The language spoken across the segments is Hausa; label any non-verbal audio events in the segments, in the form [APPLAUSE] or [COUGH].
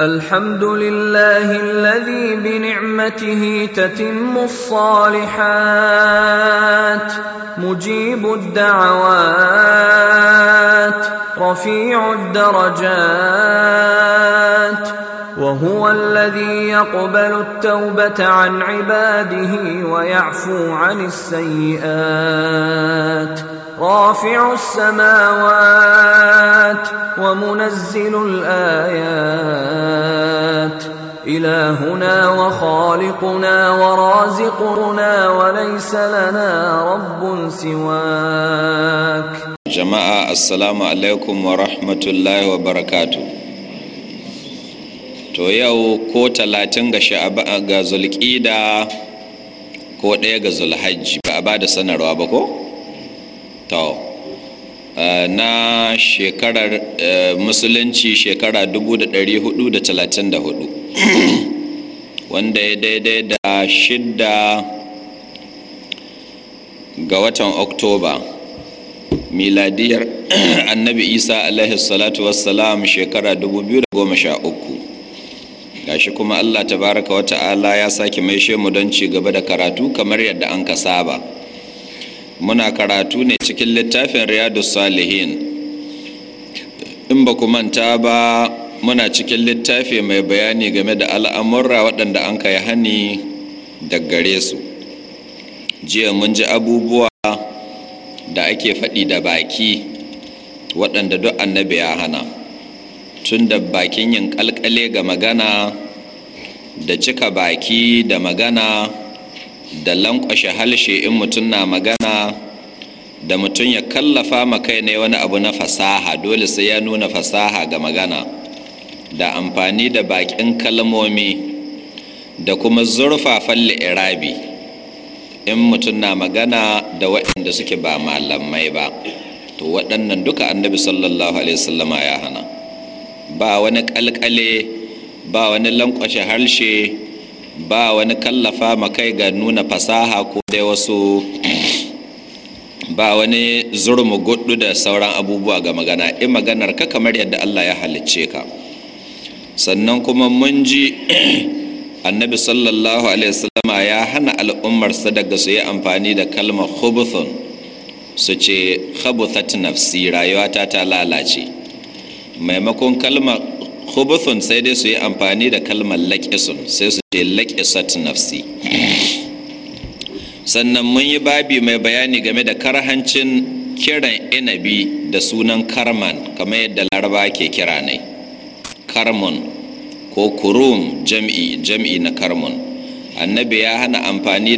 الحمد لله الذي بنعمته تتم الصالحات مجيب الدعوات رفيع الدرجات وهو الذي يقبل التوبه عن عباده ويعفو عن السيئات رافع السماوات ومنزل الآيات إلهنا وخالقنا ورازقنا وليس لنا رب سواك جماعة السلام عليكم ورحمة الله وبركاته to yau ko talatin ga ga zulƙida ko ɗaya ga zulhajji ba a ba da sanarwa ba ko? to eh, na shekarar eh, musulunci shekara hudu. [CLEARS THROAT] wanda ya daidai da shidda ga watan oktoba miladiyar [CLEARS THROAT] annabi isa alaihi salatu wassalam shekara 2013 gashi kuma Allah tabaraka wata ta'ala ya sake mai mu don ci gaba da karatu kamar yadda an ka saba muna karatu ne cikin littafin riyadu salihin in ba ku manta ba muna cikin littafi mai bayani game da al'amurra waɗanda an kai hani gare su jiya mun ji abubuwa da ake faɗi da baki waɗanda duk annabi ya hana tun da bakin yin ƙalƙale ga magana da cika baki da magana da lankwashe halshe in mutum na magana da mutum ya kallafa kai ne wani abu na fasaha dole sai ya nuna fasaha ga magana da amfani da bakin kalmomi da kuma zurfafan li'irabi in mutum na magana da waɗanda suke ba malamai ba to waɗannan duka annabi sallallahu alaihi wasallama ya hana ba wani ƙalƙale ba wani lankwashe harshe ba wani kallafa kai ga nuna fasaha ko dai wasu ba wani zurmu gudu da sauran abubuwa ga magana in maganar ka kamar yadda Allah ya halicce ka sannan kuma mun ji [CLEARS THROAT] annabi sallallahu alaihi wasallama ya hana al'ummarsa daga su yi amfani da kalmar khubuthun su ce khubuthat nafsi ta ta lalace maimakon kalmar khubuthun sai dai su yi amfani da kalmar laƙisun sai su ce laƙisat nafsi sannan mun yi babi mai bayani game da karhancin kiran inabi da sunan karman kamar yadda laraba ke kira ne karmun ko kurum jam'i jam'i na karmun annabi ya hana amfani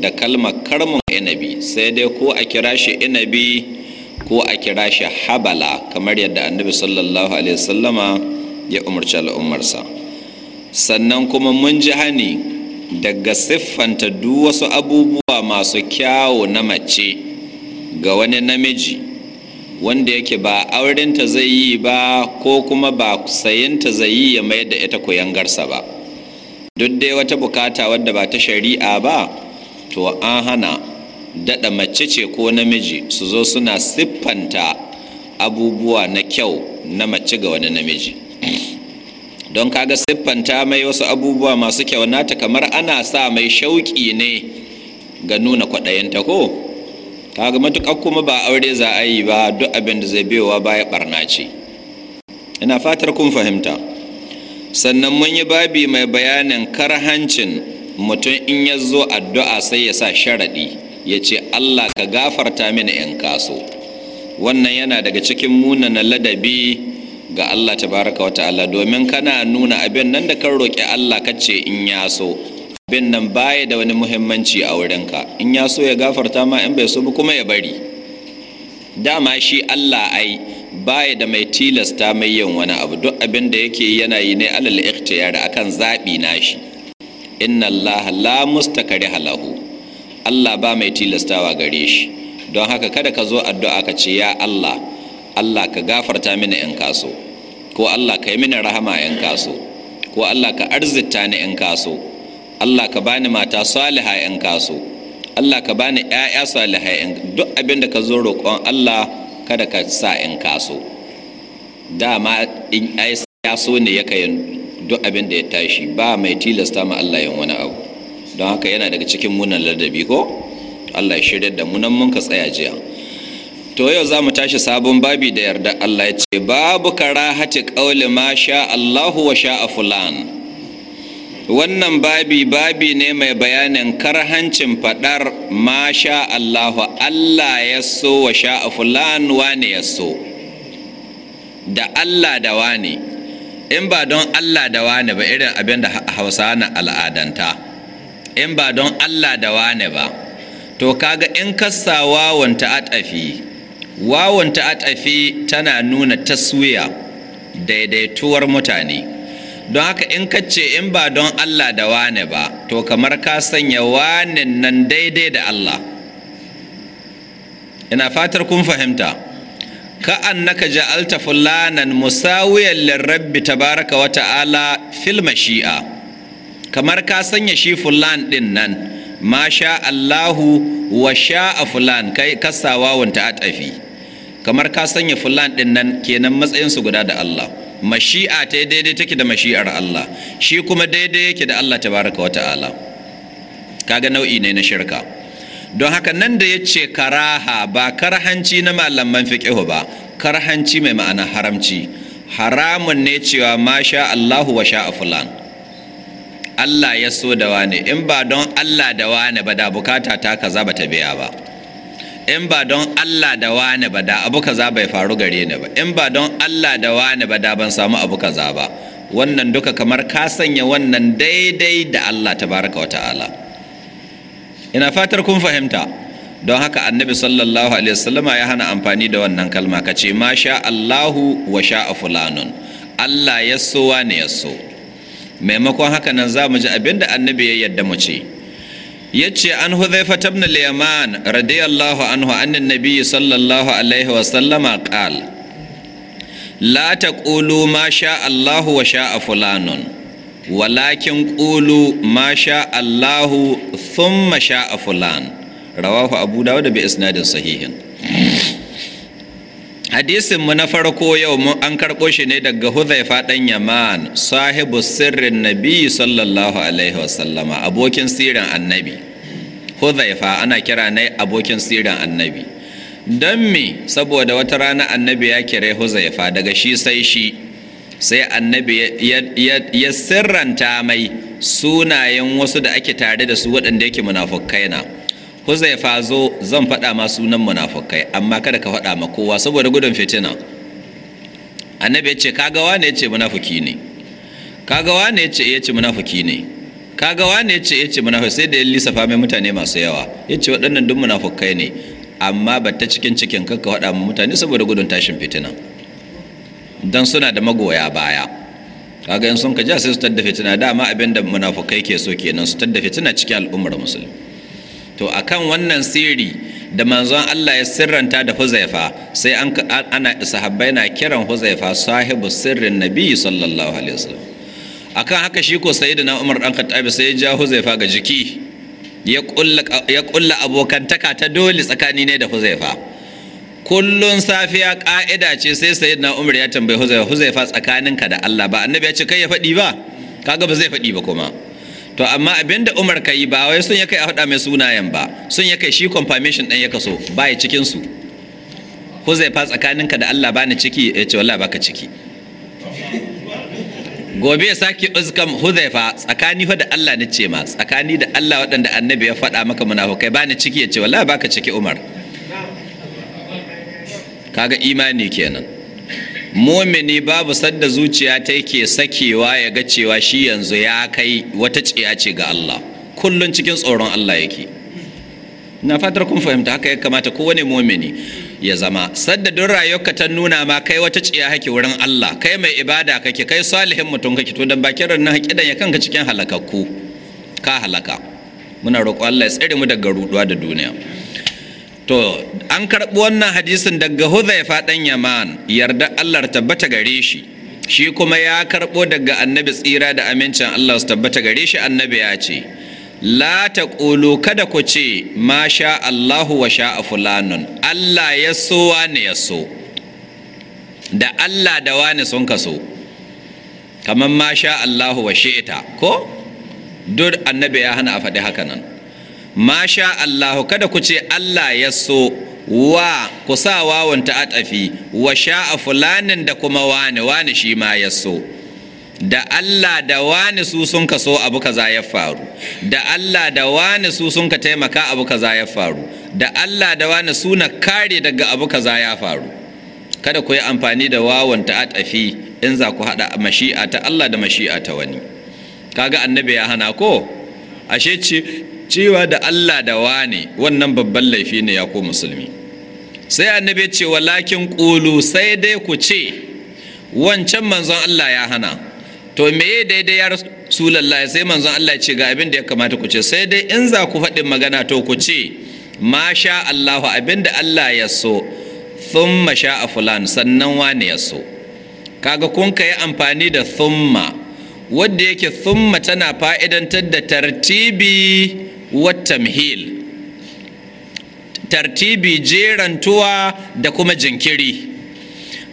da kalmar karmun inabi sai dai ko a kira shi inabi ko a kira shi habala kamar yadda annabi sallallahu alaihi wasallama ya umarci al'ummarsa sannan kuma mun ji hani daga siffanta duk wasu abubuwa masu kyawo na mace ga wani namiji wanda yake ba aurenta zai yi ba ko kuma ba sayinta zai yi ya mayar da ita koyan garsa ba duk dai wata bukata wadda ba ta shari'a ba to an hana daɗa mace ce ko namiji su zo suna siffanta abubuwa na kyau na mace ga wani namiji don kaga siffanta mai wasu abubuwa masu kyau nata kamar ana sa mai shauƙi ne ga nuna kwaɗayinta ko kaga matuƙar kuma ba aure za a yi ba duk abin da zai biyowa baya ɓarna ce ina fatar kun fahimta sannan mun yi babi mai bayanin karhancin mutum in ya zo addu'a sai ya sa sharaɗi ya ce allah ka gafarta mini in kaso wannan yana daga cikin munana ladabi ga Allah ta wata wata'ala domin kana nuna abin nan da kan roƙi Allah kace in ya so abin nan baya da wani muhimmanci a wurinka in ya so ya gafarta ma in bai so ba kuma ya bari dama shi Allah ai baya da mai tilasta mai yin wani abu duk abin da yake yana yi ne alal ikhtiyar akan zabi nashi inna Allah la mustakari halahu Allah ba mai tilastawa gare shi don haka kada ka zo addu'a ka ce ya Allah Allah ka gafarta mini in kaso ko Allah ka yi mini rahama 'yan kaso ko Allah ka arzita ni 'yan kaso Allah ka bani mata saliha 'yan kaso Allah ka bani yaya saliha 'yan duk abin da ka zo roƙon Allah kada ka sa 'yan kaso dama in ya so ne ya kai duk abin da ya tashi ba mai tilasta ma Allah yin wani abu don haka yana daga cikin munan ladabi ko Allah ya shirya da munan mun ka tsaya jiya to yau za mu tashi sabon babi da yarda Allah ya ce babu karahati ƙauli ma sha Allahu wa sha a fulan wannan babi babi ne mai bayanin karhancin faɗar ma sha Allahu Allah ya so wa sha a fulan wane ya so da Allah da wane in ba don Allah da wane ba irin abin da hausa na al'adanta in ba don Allah da wane ba to kaga in kassawa wanta tafi wawon ta atafi tana nuna taswiya daidaituwar mutane don haka in ka in ba don Allah da wane ba to kamar ka sanya wane nan daidai da Allah ina fatar kun fahimta ka annaka ja'alta fulanan musawiyan lirrabbi tabaraka wata ta'ala filma shi'a. kamar ka sanya shi fulan din nan masha Allahu wa sha'a fulan kai kasawa wanta atafi kamar ka sanya fulan din nan kenan matsayin su guda da Allah mashi'a ta daidai take da mashi'ar Allah shi kuma daidai yake da Allah tabaraka wa ta'ala kaga nau'i ne na shirka don haka nan da yace karaha ba karhanci na malaman fiqihu ba karhanci mai ma'ana haramci haramun ne cewa masha Allahu wa sha'a fulan Allah ya so da wane in ba don Allah da wane ba da bukata ta kaza ba ta biya ba in ba don Allah da wani ba da abu kaza bai faru gare ni ba in ba don Allah da wani ba da ban samu abu kaza ba wannan duka kamar ka sanya wannan daidai da Allah tabaraka wa ta'ala ina fatar kun fahimta don haka annabi sallallahu alaihi wasallam ya hana amfani da wannan kalma kace ma sha Allahu wa sha'a fulanun Allah ya so wani ya so maimakon haka nan za mu ji abinda annabi ya yadda mu ce yace an hudhaifa ibn al-yaman radiyallahu anhu annan nabiy sallallahu alaihi wa sallama qala la taqulu ma sha Allahu wa sha fulanun walakin qulu ma sha Allah thumma sha fulan rawahu abu dawud bi isnadin sahihin hadisin mu na farko yau an karɓo shi ne daga huzaifa ɗan yaman sahibu sirrin nabi sallallahu alaihi wasallama abokin sirrin annabi huzaifa ana kira ne abokin sirrin annabi don me saboda wata rana annabi ya kira huzaifa daga shi sai shi sai annabi ya sirranta mai sunayen wasu da ake tare da su waɗanda yake munafukai na fa zo zan faɗa ma sunan munafukai amma kada ka faɗa ma kowa saboda gudun fitina annabi ya ce kaga wane ya ce munafuki ne kaga wane ya ce eh, ya ce munafuki ne kaga wane ya ce eh, ya ce munafuki sai da ya lissafa mai mutane masu yawa ya ce waɗannan duk munafukai ne amma ba ta cikin cikin kakka faɗa ma mutane saboda gudun tashin fitina don suna da magoya baya kaga in sun ka ja sai su tadda fitina dama abinda munafukai ke so kenan su tadda fitina cikin al'ummar musulmi to akan wannan sirri da manzon Allah ya sirranta da Huzaifa sai an ana sahabbai na kiran Huzaifa sahibu sirrin Nabi sallallahu alaihi wasallam akan haka shi ko sayyidina Umar dan Khattab sai ya ja Huzaifa ga jiki ya kulla ya kulla abokantaka ta dole tsakani ne da Huzaifa kullun safiya ka'ida ce sai sayyidina Umar ya tambayi Huzaifa Huzaifa tsakaninka da Allah ba annabi ya ce kai ya faɗi ba kaga ba zai faɗi ba kuma to amma abinda Umar ka yi ba wai sun ya kai a faɗa mai sunayen ba sun ya kai shi confirmation ɗin ya kaso baya cikin su ko zai fa tsakaninka da Allah bani ciki ya ce wallahi baka ciki gobe ya sake uzkam huzaifa tsakani fa da Allah ni ce ma tsakani da Allah waɗanda annabi ya faɗa maka munafukai bani ciki ya ce wallahi baka ciki Umar kaga imani kenan mumini babu sadda zuciya ta yake sakewa ya ga cewa shi yanzu ya kai wata ce ga Allah kullun cikin tsoron Allah yake na fatar kun fahimta haka ya kamata kowane mumini ya zama sadda duk rayuwarka ta nuna ma kai wata tsiya hake wurin Allah kai mai ibada kake kai salihin mutum kake to dan bakin rannan hakidan ya kanka cikin halakakku ka halaka muna roƙo Allah ya tsare mu daga ruduwa da duniya to an karɓi wannan hadisin daga huzaifa ɗan yaman yarda allah tabbata gare shi shi kuma ya karɓo daga annabi tsira da amincin allah su tabbata gare shi annabi ya ce la ta ƙulu kada ku ce ma sha allahu wa sha a fulanun allah ya so wani ya so da allah da wani sun kaso kamar ma sha allahu wa shi'ita ko duk annabi ya hana a faɗi haka nan masha Allahu kada ku ce Allah ya so wa ku sa wawon ta'atafi wa sha'a fulanin da kuma wani wani shi ma ya so da Allah da wani su sun ka so abu kaza ya faru da Allah da wani su sun ka taimaka abu kaza ya faru da Allah da wani su na kare daga abu kaza ya faru kada ku yi amfani da wawon ta'atafi in za ku haɗa mashi'a ta Allah da mashi'a ta wani kaga annabi ya hana ko ashe ce cewa da Allah da wane wannan babban laifi ne ya ko musulmi sai annabi ce walakin kulu sai dai ku ce wancan manzon Allah ya hana to me daidai ya rasulullahi sai manzon Allah ce ga abin da ya kamata ku ce sai dai in za ku faɗin magana to ku ce ma sha Allahu abin da Allah ya so thumma sha a fulan sannan wane ya so kaga kun ka yi amfani da thumma wadda yake thumma tana fa'idantar da tartibi wattamhil tartibi jerantuwa da kuma jinkiri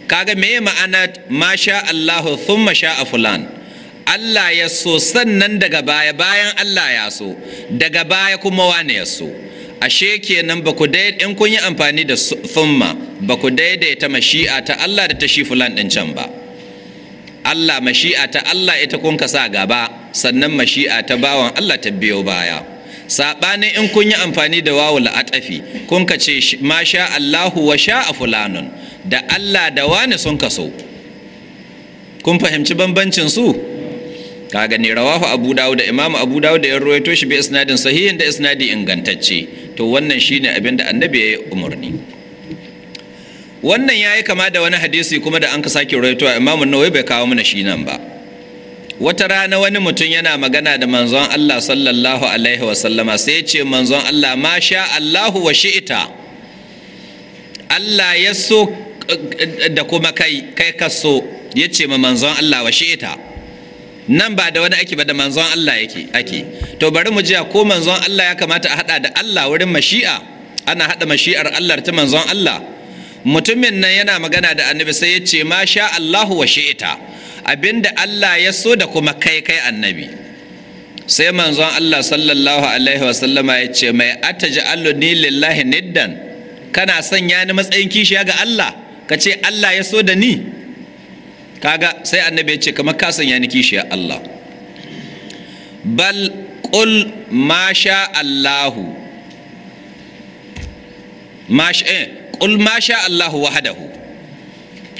kaga me ma'ana masha Allahu thumma sha'a fulan Allah ya so sannan daga baya bayan Allah ya so daga baya kuma wane ya so ashe kenan ba ku in kun yi amfani da thumma ba ku daidaita mashi'a ta Allah da ta shi fulan din can ba Allah mashi'a ta Allah ita kun ka sa gaba sannan mashi'a ta bawan Allah ta biyo baya saɓanin in kun yi amfani da wawu la'atafi kun ka ce ma Allahu wa sha a fulanun da Allah da wani sun kaso kun fahimci bambancin su ka gani rawahu abu dawud da imamu abu dawud da ya rawaito shi bi isnadin sahihin da isnadi ingantacce to wannan shine abin da annabi ya yi umarni wannan ya yi kama da wani hadisi kuma da an ka sake rawaito imamu nawawi bai kawo mana shi nan ba wata rana wani mutum yana magana da manzon Allah sallallahu alaihi wasallama sai ya ce manzon Allah ma sha Allahu wa shi'ita Allah ya so da kuma kai kai ka so ya ce ma manzon Allah wa shi'ita nan ba da wani ake ba da manzon Allah yake ake to bari mu jiya ko manzon Allah ya kamata a hada da Allah wurin mashi'a ana hada mashi'ar Allah ta manzon Allah mutumin nan yana magana da annabi sai ya ce ma sha Allahu wa shi'ita Abin da Allah ya so da kuma kai kai annabi sai manzon Allah sallallahu alaihi wasallama ya ce mai ataj'alu ni lillahi niddan kana sanya ni matsayin kishiya ga Allah ka ce Allah ya so da ni kaga sai annabi ya ce kamar ka sanya ni kishiya Allah bal qul ma sha Allahu ma eh, sha Allahu wahdahu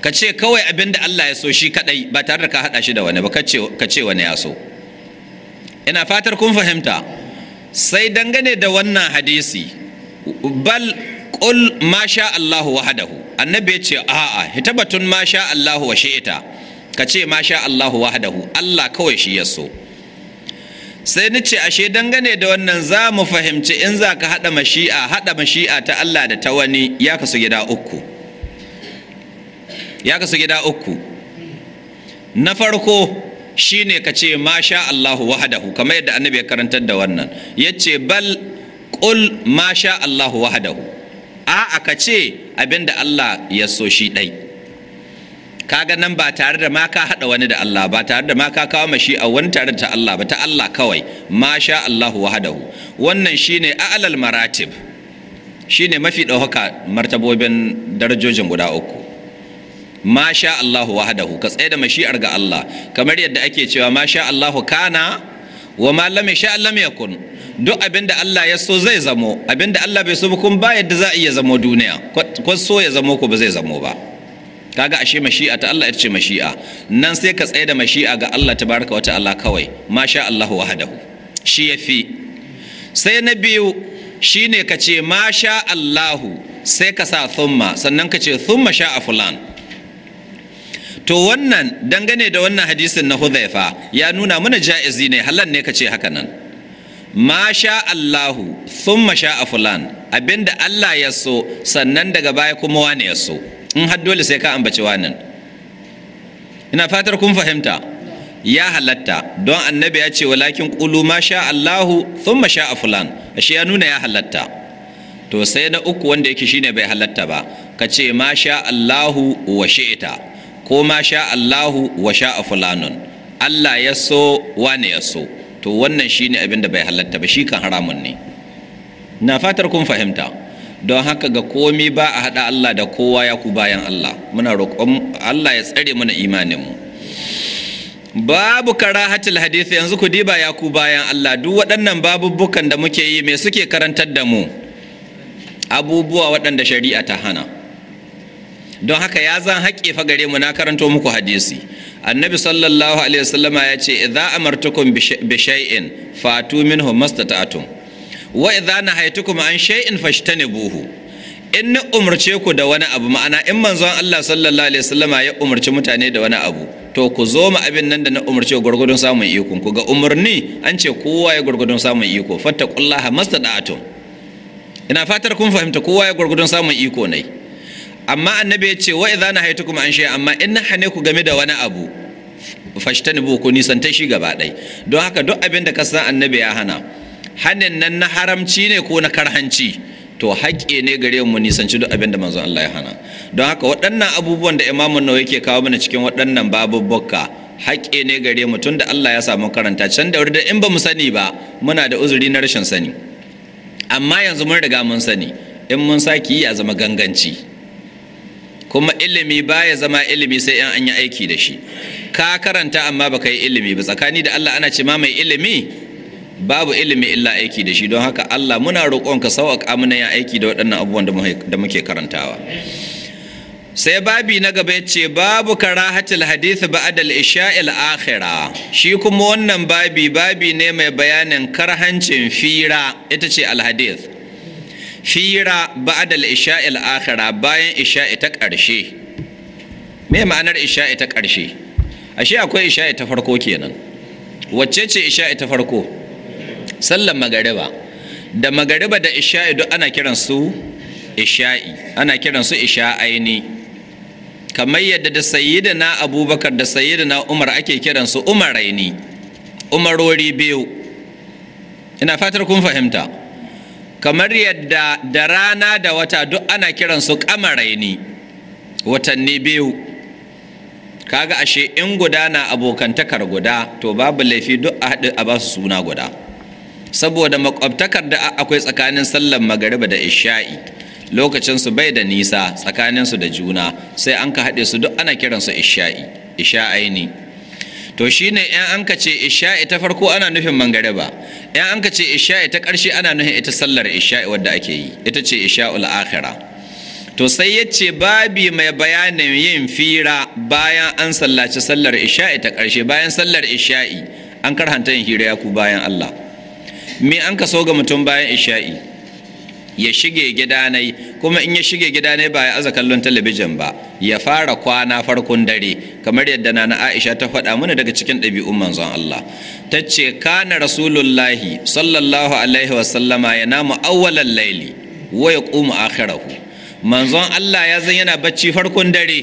ka ce kawai abinda Allah ya so shi kadai ba tare da ka hada shi da wani ba ka ce wani ya so ina fatar kun fahimta sai dangane da wannan hadisi bal kul ma sha Allah wahdahu annabi ya ce a'a hitabatun ma sha Allah wa shi'ita ka ce ma sha Allah wahdahu Allah kawai shi ya so sai ni ce ashe dangane da wannan za mu fahimci in za ka haɗa mashi'a haɗa mashi'a ta Allah da ta wani ya kasu gida uku ya kasu gida uku na farko shine ka ce masha Allahu wahadahu kamar yadda annabi ya karantar da wannan Ya ce bal ma masha Allahu wahadahu a aka ce abinda Allah ya so shi dai kaga nan ba tare da ma ka hada wani da Allah ba tare da ma ka kawo mashi a wani tare da Allah ba ta Allah kawai masha Allahu wahadahu wannan shine a'lal maratib shine mafi ɗaukaka martabobin darajojin guda uku Masha Allah Allahu hadahu ka tsaye da mashi'ar ga Allah kamar yadda ake cewa masha Allah Allahu kana wa ma lam sha lam yakun duk abinda Allah ya so zai zamo abinda Allah bai so ba kun ba yadda za a iya zamo duniya ko so ya zamo ko ba zai zamo ba kaga ashe mashi'a ta Allah ita ce mashi'a nan sai ka tsaye da mashi'a ga Allah tabaraka wa ta'ala kawai Masha Allah Allahu hadahu. shi yafi sai na biyu shine ka ce masha Allahu sai ka sa thumma sannan ka ce thumma sha'a fulan to wannan dangane da wannan hadisin na huzaifa ya nuna mana ja'izi ne halan ne ka ce haka nan ma sha Allahu thumma sha fulan abinda Allah ya so sannan daga baya kuma wane ya so in har dole sai ka ambaci wanan ina fatar kun fahimta ya halatta don annabi ya ce walakin Kulu ma sha Allahu thumma sha fulan ashe ya nuna ya halatta to sai na uku wanda yake shine bai halatta ba ka ce ma sha Allahu wa shi'ita ko ma sha Allahu wa sha fulanun Allah ya so wane ya so to wannan ne abin da bai halatta ba shi kan haramun ne na fatar kun fahimta don haka ga komi ba a haɗa Allah da kowa ya ku bayan Allah muna roƙon Allah ya tsare mana imaninmu babu karahatul hadisi yanzu ku diba ya ku bayan Allah duk waɗannan babubukan da muke yi me suke karantar da mu abubuwa waɗanda shari'a ta hana don haka ya zan haƙƙe fa gare mu na karanto muku hadisi annabi sallallahu alaihi wasallam ya ce idza amartukum bi shay'in fatu minhu mastata'tum wa idza nahaytukum an shay'in fashtanibuhu in na umarce ku da wani abu ma'ana in manzon Allah sallallahu alaihi wasallam ya umarci mutane da wani abu to ku zo mu abin nan da na umarce gurgudun samun iko ku ga umarni an ce kowa ya gurgudun samun iko fattaqullaha mastata'tum ina fatar kun fahimta kowa ya gurgudun samun iko ne amma annabi ya ce na haitu kuma an shaya amma in na hane ku game da wani abu fashtanibu ku nisanta shi gaba ɗai don haka duk abin da ka san annabi ya hana hanin nan na haramci ne ko na karhanci to haƙƙi ne gare mu nisanci duk abin da manzon Allah ya hana don haka waɗannan abubuwan da imamun nawa yake kawo mana cikin waɗannan babubbuka haƙƙi ne gare mu tunda Allah ya samu karanta can da wuri da in ba mu sani ba muna da uzuri na rashin sani amma yanzu mun riga mun sani in mun saki ya zama ganganci kuma ilimi baya zama ilimi sai an yi aiki da shi ka karanta amma baka yi ilimi ba tsakani da Allah ana ce ma mai ilimi babu ilimi illa aiki da shi don haka Allah muna roƙon ka sauƙa mana yin aiki da waɗannan abubuwan da muke karantawa sai babi na gaba ya ce babu karahatul hadith ba adal ishail akhira shi kuma wannan babi babi ne mai bayanin karhancin fira ita ce al fira ba'dal isha'il akhira bayan isha'i ta ƙarshe me ma'anar isha'i ta ƙarshe ashe akwai isha'i ta farko kenan wacce ce isha'i ta farko sallan magariba da magariba da isha'i duk ana kiran su isha'i ana kiran su isha'aini kamar yadda da sayyidina abubakar da sayyidina umar ake kiran su umaraini umarori biyu ina fatar kun fahimta kamar yadda da rana da wata duk ana kiransu kamaraini watanni biyu kaga ashe in guda na abokantakar guda to babu laifi duk a haɗu a basu suna guda saboda makwabtakar da akwai tsakanin sallar magariba da isha'i lokacin su bai da nisa tsakanin su da juna sai an ka haɗe su duk ana kiransu isha'i isha'ai ne to shine in an ka ce isha'i ta farko ana nufin magariba. in an ka ce isha'i ta ƙarshe ana nuhin ita sallar isha'i wadda ake yi ita ce isha'ul akhira to sai ya ce babi mai bayanin yin fira bayan an sallaci sallar isha'i ta ƙarshe bayan sallar isha'i an karhanta yin hira ya ku bayan Allah me an ka so ga mutum bayan isha'i ya shige gidanai kuma in ya shige gidanai ba ya aza kallon talabijin ba ya fara kwana farkon dare kamar yadda nana Aisha ta faɗa mana daga cikin ɗabi'un manzon Allah ta ce kana rasulullahi sallallahu alaihi wasallama ya namu awwalan laili wa ya ƙumu akhirahu manzon Allah ya zan yana bacci farkon dare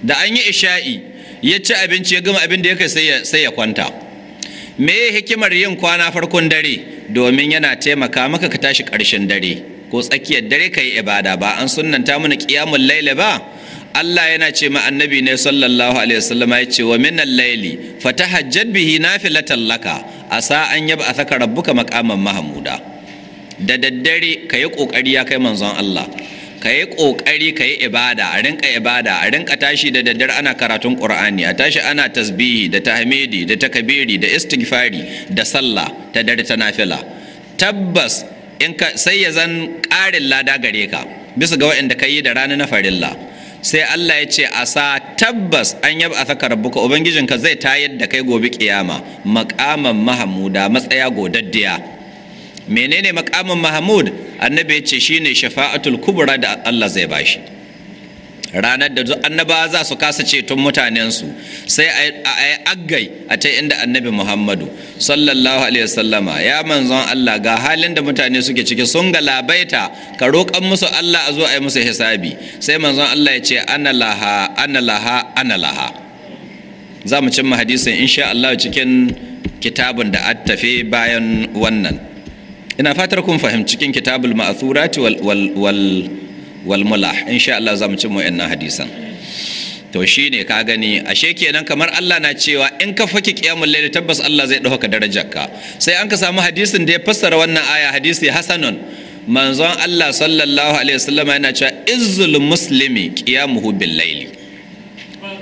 da an yi isha'i ya ci abinci ya gama abin da ya kai sai ya kwanta me hikimar yin kwana farkon dare domin yana taimaka maka ka tashi ƙarshen dare ko tsakiyar dare ka yi ibada ba an sunanta mana ƙiyamun laila ba Allah yana ce ma annabi ne sallallahu alaihi wasallam ya ce wa minal laili fatahajjad bihi nafilatan laka sa an yaba a saka rabbuka maqaman mahmuda da daddare ka yi ƙoƙari ya kai manzon Allah ka yi ƙoƙari ka yi ibada a rinka ibada a rinka tashi da daddare ana karatun ƙur'ani a tashi ana tasbihi da tahmidi da takabiri da istighfari da sallah ta dare ta nafila tabbas in ka sai ya zan ƙarin lada gare ka bisa ga waɗanda ka yi da rana na farilla sai Allah ya ce a sa tabbas an yaba a saka rabbuka ubangijinka zai tayar da kai gobe kiyama maƙaman mahamuda matsaya godaddiya menene makamin mahmud annabi ya ce shine shafa'atul kubra da Allah zai bashi ranar da annaba annabawa za su kasa ceton mutanensu sai a yi aggai a ta inda annabi muhammadu sallallahu alaihi wasallama ya manzon allah ga halin da mutane suke ciki sun ga labaita ka roƙan musu allah a zo a yi musu hisabi sai manzon allah ya ce ana laha ana laha ana laha za mu cimma hadisin insha allah cikin kitabun da attafe bayan wannan ina fatar kun fahimci cikin kitabul ma'athurat wal wal wal mulah insha Allah zamu ci mu wannan hadisan to shine ka gani ashe kenan kamar Allah na cewa in ka faki qiyamul layl tabbas Allah zai dauka darajarka sai an ka samu hadisin da ya fassara wannan aya hadisi hasanun manzon Allah sallallahu alaihi wasallam yana cewa izzul muslimi qiyamuhu bil layl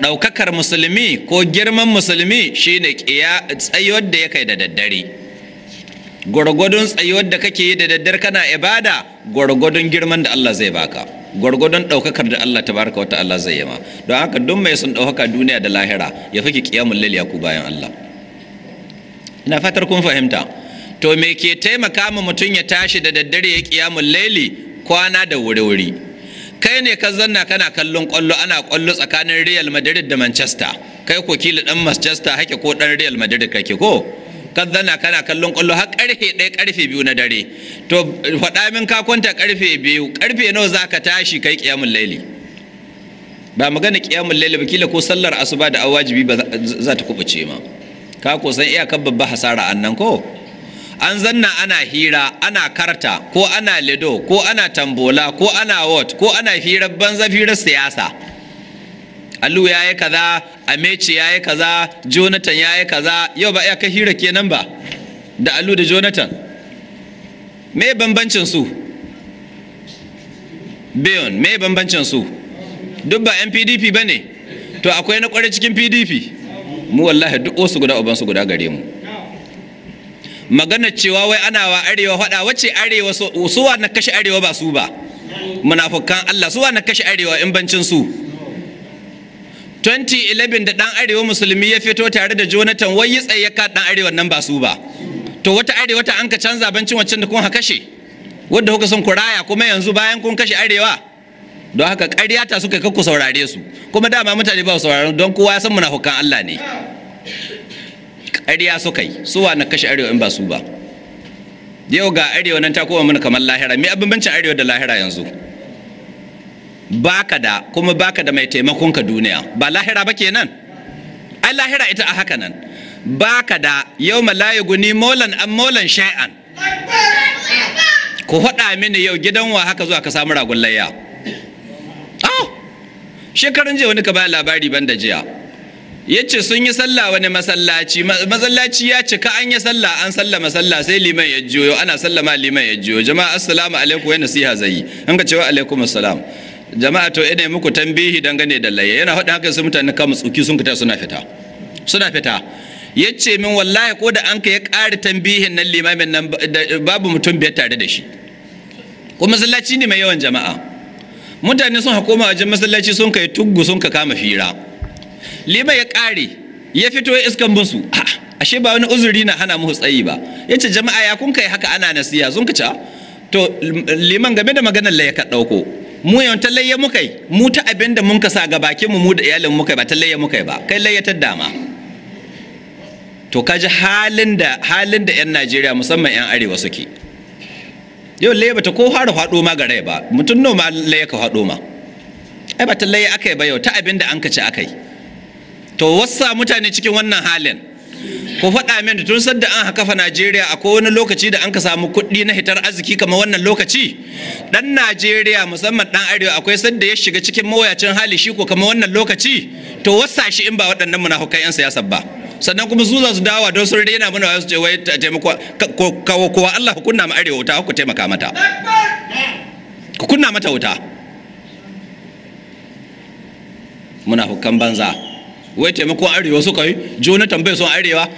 daukakar musulmi ko girman musulmi shine tsayuwar da ya kai da daddare gwargwadon tsayuwar da kake yi da daddare kana ibada gwargwadon girman da Allah zai baka gwargwadon ɗaukakar da Allah tabaraka wata Allah zai yama don haka duk mai sun ɗaukaka duniya da lahira ya fi kiyamun lalya ku bayan Allah ina fatar kun fahimta to me ke taimaka mu mutum ya tashi da daddare ya kiyamun laili kwana da wuri-wuri kai ne ka zanna kana kallon kwallo ana kwallo tsakanin real madrid da manchester kai ko kila dan manchester hake ko dan real madrid kake ko ka kana kallon kwallo har karfe ɗaya karfe biyu na dare to faɗa min ka kwanta karfe biyu karfe nawa za ka tashi kai kiyamun laili ba magana kiyamun laili ba kila ko sallar asuba da awajibi ba za ta kubuce ma ka ko san iyakar babba hasara annan ko an zanna ana hira ana karta ko ana lido ko ana tambola ko ana wat ko ana hirar banza firar siyasa allu ya yi kaza ameci ya yi kaza jonathan ya yi kaza yau ba ya kai hira kenan ba da allu da jonathan me bambancin su bayon me bambancin su duk ba yan pdp ba ne to akwai na kwarai cikin pdp mu wallahi duk wasu guda uban su guda gare mu maganar cewa wai ana wa arewa faɗa wacce arewa suwa na kashe arewa ba su ba munafukan allah suwa na kashe arewa in bancin su 2011 da ɗan arewa musulmi ya fito tare da jonathan wai yi tsaye ka ɗan arewa nan ba su ba to wata arewa ta an ka canza bancin wancan da kun ha kashe wadda kuka sun kuraya kuma yanzu bayan kun kashe arewa don haka ƙarya ta suka kakku saurare su kuma dama mutane ba sauraron don kowa ya san munafukan Allah ne ƙarya suka yi wa na kashe arewa in ba su ba yau ga arewa nan ta koma mana kamar lahira me abin bancin arewa da lahira yanzu baka da kuma baka da mai taimakon ka duniya ba lahira ba kenan ai lahira ita a haka nan baka da yau malaye guni molan an molan shay'an ku haɗa mini yau gidan wa haka zuwa ka samu ragun layya shekarun jiya wani ka ba labari ban da jiya ya ce sun yi sallah wani masallaci masallaci ya cika an yi sallah an salla sallah sai liman ya jiyo ana sallama liman ya jiyo jama'a assalamu alaikum ya nasiha zai an ka cewa alaikum assalam jama'a to ina muku tambihi dangane da laye yana faɗin haka su mutane kama tsuki sun fita suna fita suna fita ya ce min wallahi ko da an ka ya ƙara tambihin nan limamin nan babu mutum biyar tare da shi kuma masallaci ne mai yawan jama'a mutane sun hakoma wajen masallaci sun kai tuggu sun ka kama fira lima ya ƙare ya fito ya iskan bunsu ashe ba wani uzuri na hana mu tsayi ba ya ce jama'a ya kun kai haka ana nasiya sun ka ca ah. to liman game da maganar la ka ɗauko mu yau ta layya muka yi mu ta abin da mun kasa ga bakin mu mu da iyalin muka ba ta layya muka ba kai layyatar dama to kaji halin da halin da yan Najeriya musamman yan arewa suke yau layya ta ko fara fado ma ga rai ba mutum noma layya ka fado ma ai ba ta layya akai ba yau ta abin da an kaci akai to wasa mutane cikin wannan halin Ko faɗa min tun sadda an kafa Najeriya akwai wani lokaci da an ka samu kuɗi na hitar arziki kamar wannan lokaci dan Najeriya musamman dan Arewa akwai sadda ya shiga cikin mawuyacin hali shi ko kamar wannan lokaci to wasa shi in ba waɗannan munafukai yan siyasa ba sannan kuma su za su dawa don sun daina mana wasu ce wai taimako kawo kowa Allah ku kunna mu Arewa wuta ku taimaka mata ku kunna mata wuta munafukan banza wai taimakon arewa suka yi jonathan bai son arewa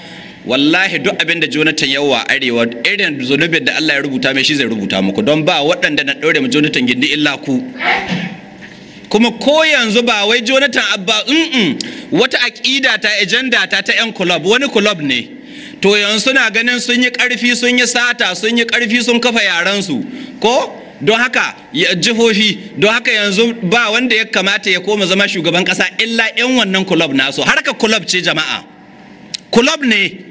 wallahi duk abin da jonathan yawa arewa irin zunubin da allah ya rubuta mai shi zai rubuta muku don ba waɗanda na ɗaure mu jonathan gindi illa ku kuma ko yanzu ba wai jonathan abba mm wata aƙida ta ajanda ta ta yan kulob wani kulob ne to yanzu suna ganin sun yi ƙarfi sun yi sata sun yi ƙarfi sun kafa yaransu ko don haka ya jihohi don haka yanzu ba wanda ya kamata ya koma zama shugaban kasa illa 'yan wannan kulob nasu harka kulob ce jama'a kulob ne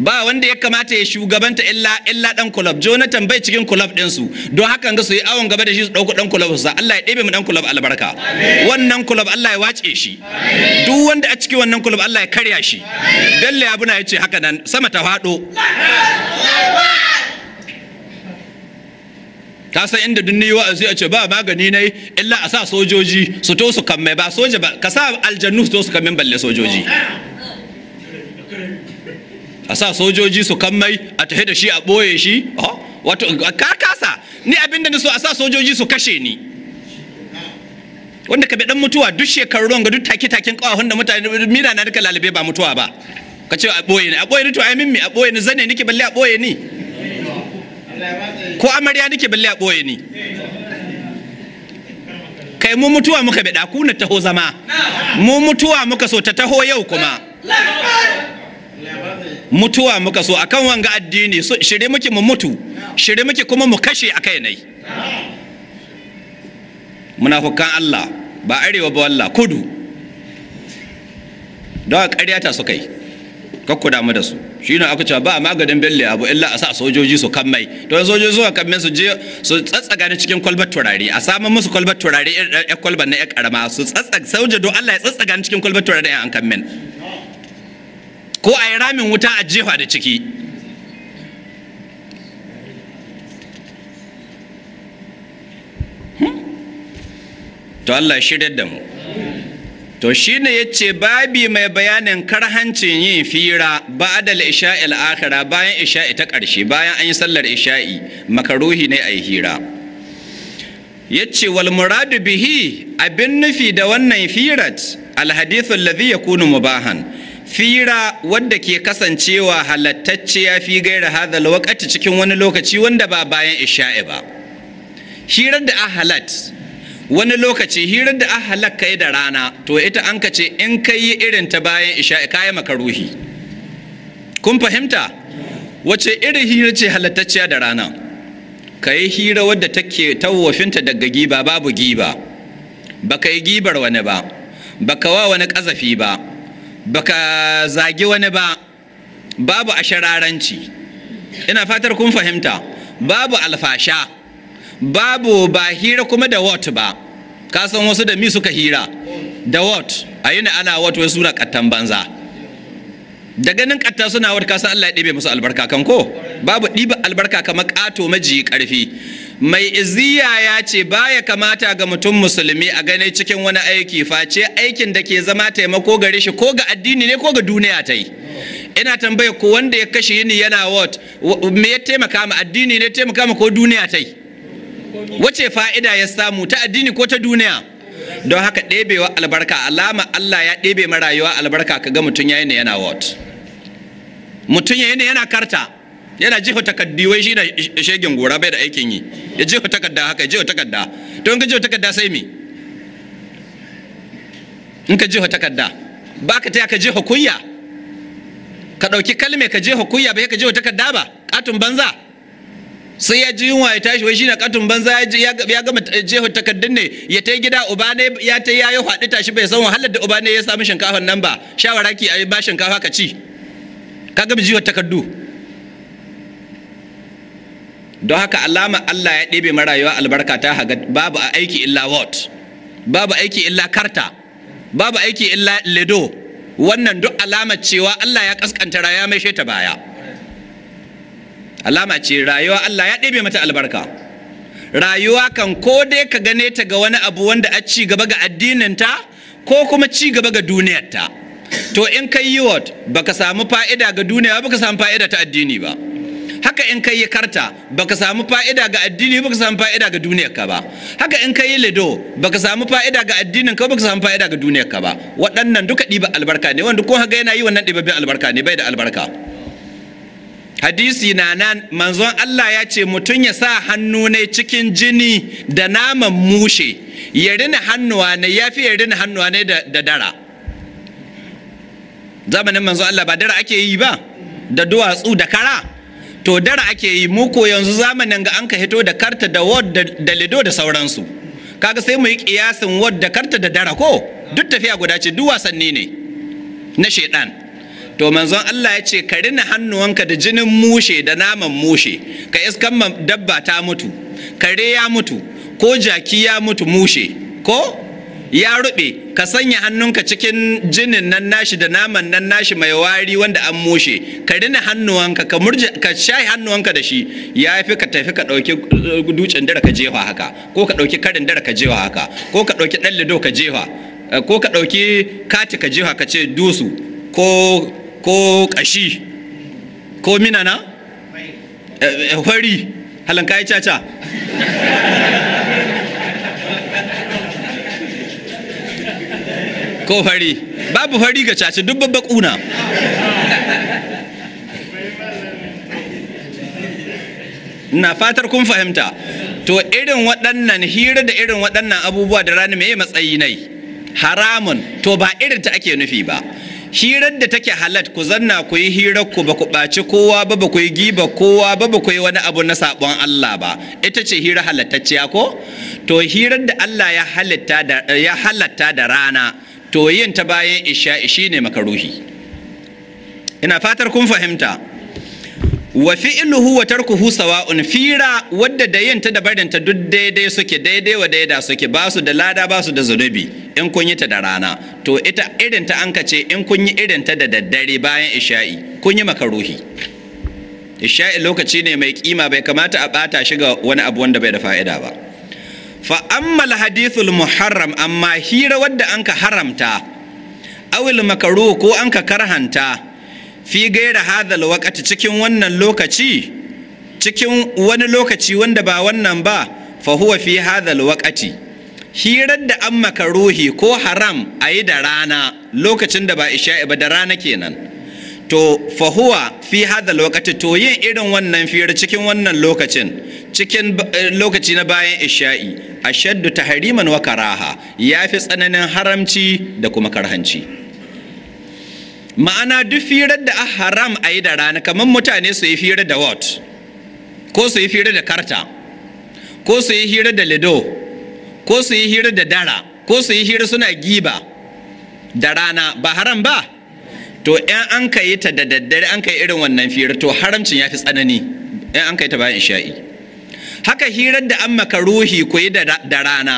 ba wanda ya kamata ya shugabanta illa illa dan kulob jonathan bai cikin kulob su don haka ga su yi awon gaba da shi su ɗauko dan kulob su allah ya ɗebe mu dan kulob albarka wannan kulob allah ya wace shi duk wanda a cikin wannan kulob allah ya karya shi bello abuna buna ya ce haka nan sama ta faɗo ka san inda duk niyi wa'azi a ce ba magani ne illa a sa sojoji su to su kamme ba soja ba ka sa aljannu su to su kamme balle sojoji a sa sojoji su kammai a tafi da shi a ɓoye shi wato ka kasa ni abinda na so a sa sojoji su kashe ni wanda ka bi dan mutuwa duk shekaru shekarun ga duk take taken kawahun da mutane mira na duka lalube ba mutuwa ba ka ce a ɓoye ni a ɓoye ni to ai mimmi a ɓoye ni zane niki balle a ɓoye ni ko amarya nake balle a ɓoye ni kai mu mutuwa muka bi ku na taho zama mu mutuwa muka so ta taho yau kuma mutuwa muka so akan wanga addini so muke mu mutu shirye muke kuma mu kashe kai nai Muna munafukan Allah ba arewa ba wallah kudu don ƙarya ta su kai da damu da su shi ne aka ce ba maganin belle abu illa a sa sojoji su kan mai to sojoji su kan mai su je su tsatsaga ne cikin kwalbar turare a samun musu kwalbar turare ya kwalbar na ya karama su tsatsaga sauje don Allah ya tsatsaga ne cikin kwalbar turare an kan men ko a yi ramin wuta a jefa da ciki hmm? to Allah shirya da mu to shine ce babi mai bayanin karhancin yin fira ba ba'dal isha'i al’akara bayan isha'i ta ƙarshe bayan an yi sallar isha'i makaruhi ne a yi hira Ya ce wal muradu bihi abin nufi da wannan firat alhadithun lafi ya kunu mubahan fira wadda ke kasancewa halattacce ya fi gaira hadal wakati cikin wani lokaci wanda ba bayan isha'i ba hirar da halat. wani lokaci hirar da an halakka da rana to ita an kace in ka yi irin ta bayan isha maka ruhi, kun fahimta wace irin hira ce halattacciya da rana ka yi hira wadda take tawafinta daga giba babu giba baka yi gibar wani ba baka wa wani kazafi ba baka zagi wani ba babu ashararanci ina fatar kun fahimta babu alfasha babu ba hira kuma da wat ba ka san wasu da mi suka hira da what a yi ana what wai suna kattan banza da ganin katta suna wat ka san Allah ya ɗebe musu albarka kan ko babu ɗiba albarka kamar ƙato maji ƙarfi mai iziya ya ce ba ya kamata ga mutum musulmi a gane cikin wani aiki face aikin da ke zama taimako gare shi ko ga addini ne ko ga duniya ta yi ina tambaya ko wanda ya kashe yini yana what me ya taimaka ma addini ne taimaka ma ko duniya ta yi wace fa'ida ya samu ta addini ko ta duniya don haka ɗebewa albarka alama Allah ya ɗebe marayuwa albarka ka ga mutum yayin da yana wat mutum yayin da yana karta yana jiho takaddiwai shi na shegin gora bai da aikin yi ya jiho takadda haka jiho takadda to in ka jiho takadda sai me in ka jiho takadda ba ka taya ka jiho kunya ka ɗauki kalme ka jiho kunya ba ka jiho takadda ba katun banza sai ya ji yunwa ya tashi wai na katun banza ya gama eh, jeho takardun ne ya ta gida uba ne ya tai ya yi haɗu tashi bai san wahalar da uba ne ya samu shinkafa. nan ba shawara ki ayi ba shinkafa ka ci ka gama jiwa takardu. don haka alama Allah ya ɗebe marayuwa albarka ta haga babu aiki illa what babu aiki illa karta babu aiki illa ledo wannan duk alama cewa Allah ya kaskanta raya mai sheta baya alama ce rayuwa Allah ya ɗebe mata albarka rayuwa kan ko dai ka gane ta ga wani abu wanda a ci gaba ga addininta ko kuma ci gaba ga duniyarta to in kai yi wat baka samu fa'ida ga duniya baka samu fa'ida ta addini ba haka in kai yi karta baka samu fa'ida ga addini baka samu fa'ida ga duniyar ka ba haka in kai yi lido baka samu fa'ida ga addinin ka baka samu fa'ida ga duniyar ka ba waɗannan duka ɗiba albarka ne wanda ko haga yana yi wannan ɗibabin albarka ne bai da albarka hadisi na nan manzon Allah ya ce mutum ya sa hannu ne cikin jini da naman mushe ya rina hannuwa ne ya fi ya rina hannuwa ne da dara zamanin manzon Allah ba dara ake yi ba da duwatsu da kara to dara ake yi muku yanzu zamanin ga an ka hito da karta da wad da lido da sauransu kaga sai mu yi kiyasin wad da karta da dara ko duk tafiya guda ce duk wasanni ne na shaidan to manzon Allah ya ce ka rina hannuwanka da jinin mushe da naman mushe ka iskan dabba ta mutu kare ya mutu ko jaki ya mutu mushe ko ya rube ka sanya hannunka cikin jinin nan nashi da naman nan nashi mai wari wanda an mushe ka rina hannuwanka ka murja ka shayi hannuwanka da shi ya fi ka tafi ka ɗauki uh, dutsen dare ka jefa haka ko ka ɗauki karin dare ka jefa haka ko ka ɗauki ɗan lido ka jefa uh, ko ka ɗauki kati ka jefa ka ce dusu ko ko ƙashi ko mina na? Eh, eh, hwari halanka ya caca ko hwari babu hwari ga caca duk babba ƙuna na fatar kun fahimta to irin waɗannan hira da irin waɗannan abubuwa da rani mai matsayi nai haramun to ba irin ta ake nufi ba hirar da take halat ku zanna ku yi hirar ku ba ku ɓaci kowa ba ba ku yi giba kowa ba ba ku yi wani abu na sabon Allah ba ita ce hira halattacciya ko to hirar da Allah ya halatta da ya halatta da rana to yin ta bayan isha shine makaruhi ina fatar kun fahimta wa fi'luhu wa tarkuhu sawa'un fira wadda da yin ta da barinta duk daidai suke daidai wa daida suke ba su da lada ba su da zunubi in kun yi ta da rana to ita irin ta an ce in kun yi irin ta da daddare bayan isha'i kun yi makaruhi isha'i lokaci ne mai kima bai kamata a bata shi ga wani abu wanda bai da fa'ida ba fa ammal hadithul muharram amma hira wadda anka haramta awil makaru ko anka karhanta fi gaira hadhal waqti cikin wannan lokaci cikin wani lokaci wanda ba wannan ba fa huwa fi hadhal waqti hirar da an maka ruhi ko haram a yi da rana lokacin da ba isha'i ba da rana kenan to fahuwa fi hada lokaci to yin irin wannan fiyar cikin wannan lokacin cikin eh, lokaci na bayan isha'i a ta ta wa karaha ya fi tsananin haramci da kuma karhanci ma'ana duk firar da haram a yi da rana kamar mutane su yi firar da wat ko su yi firar da karta ko su yi hira da lido ko su yi hira da dara ko su yi hira suna giba da rana ba haram ba to yan an ka yi ta da daddare an ka yi irin wannan firar to haramcin ya fi tsanani yan an ka yi ta bayan isha'i haka hirar da an ruhi ku yi da rana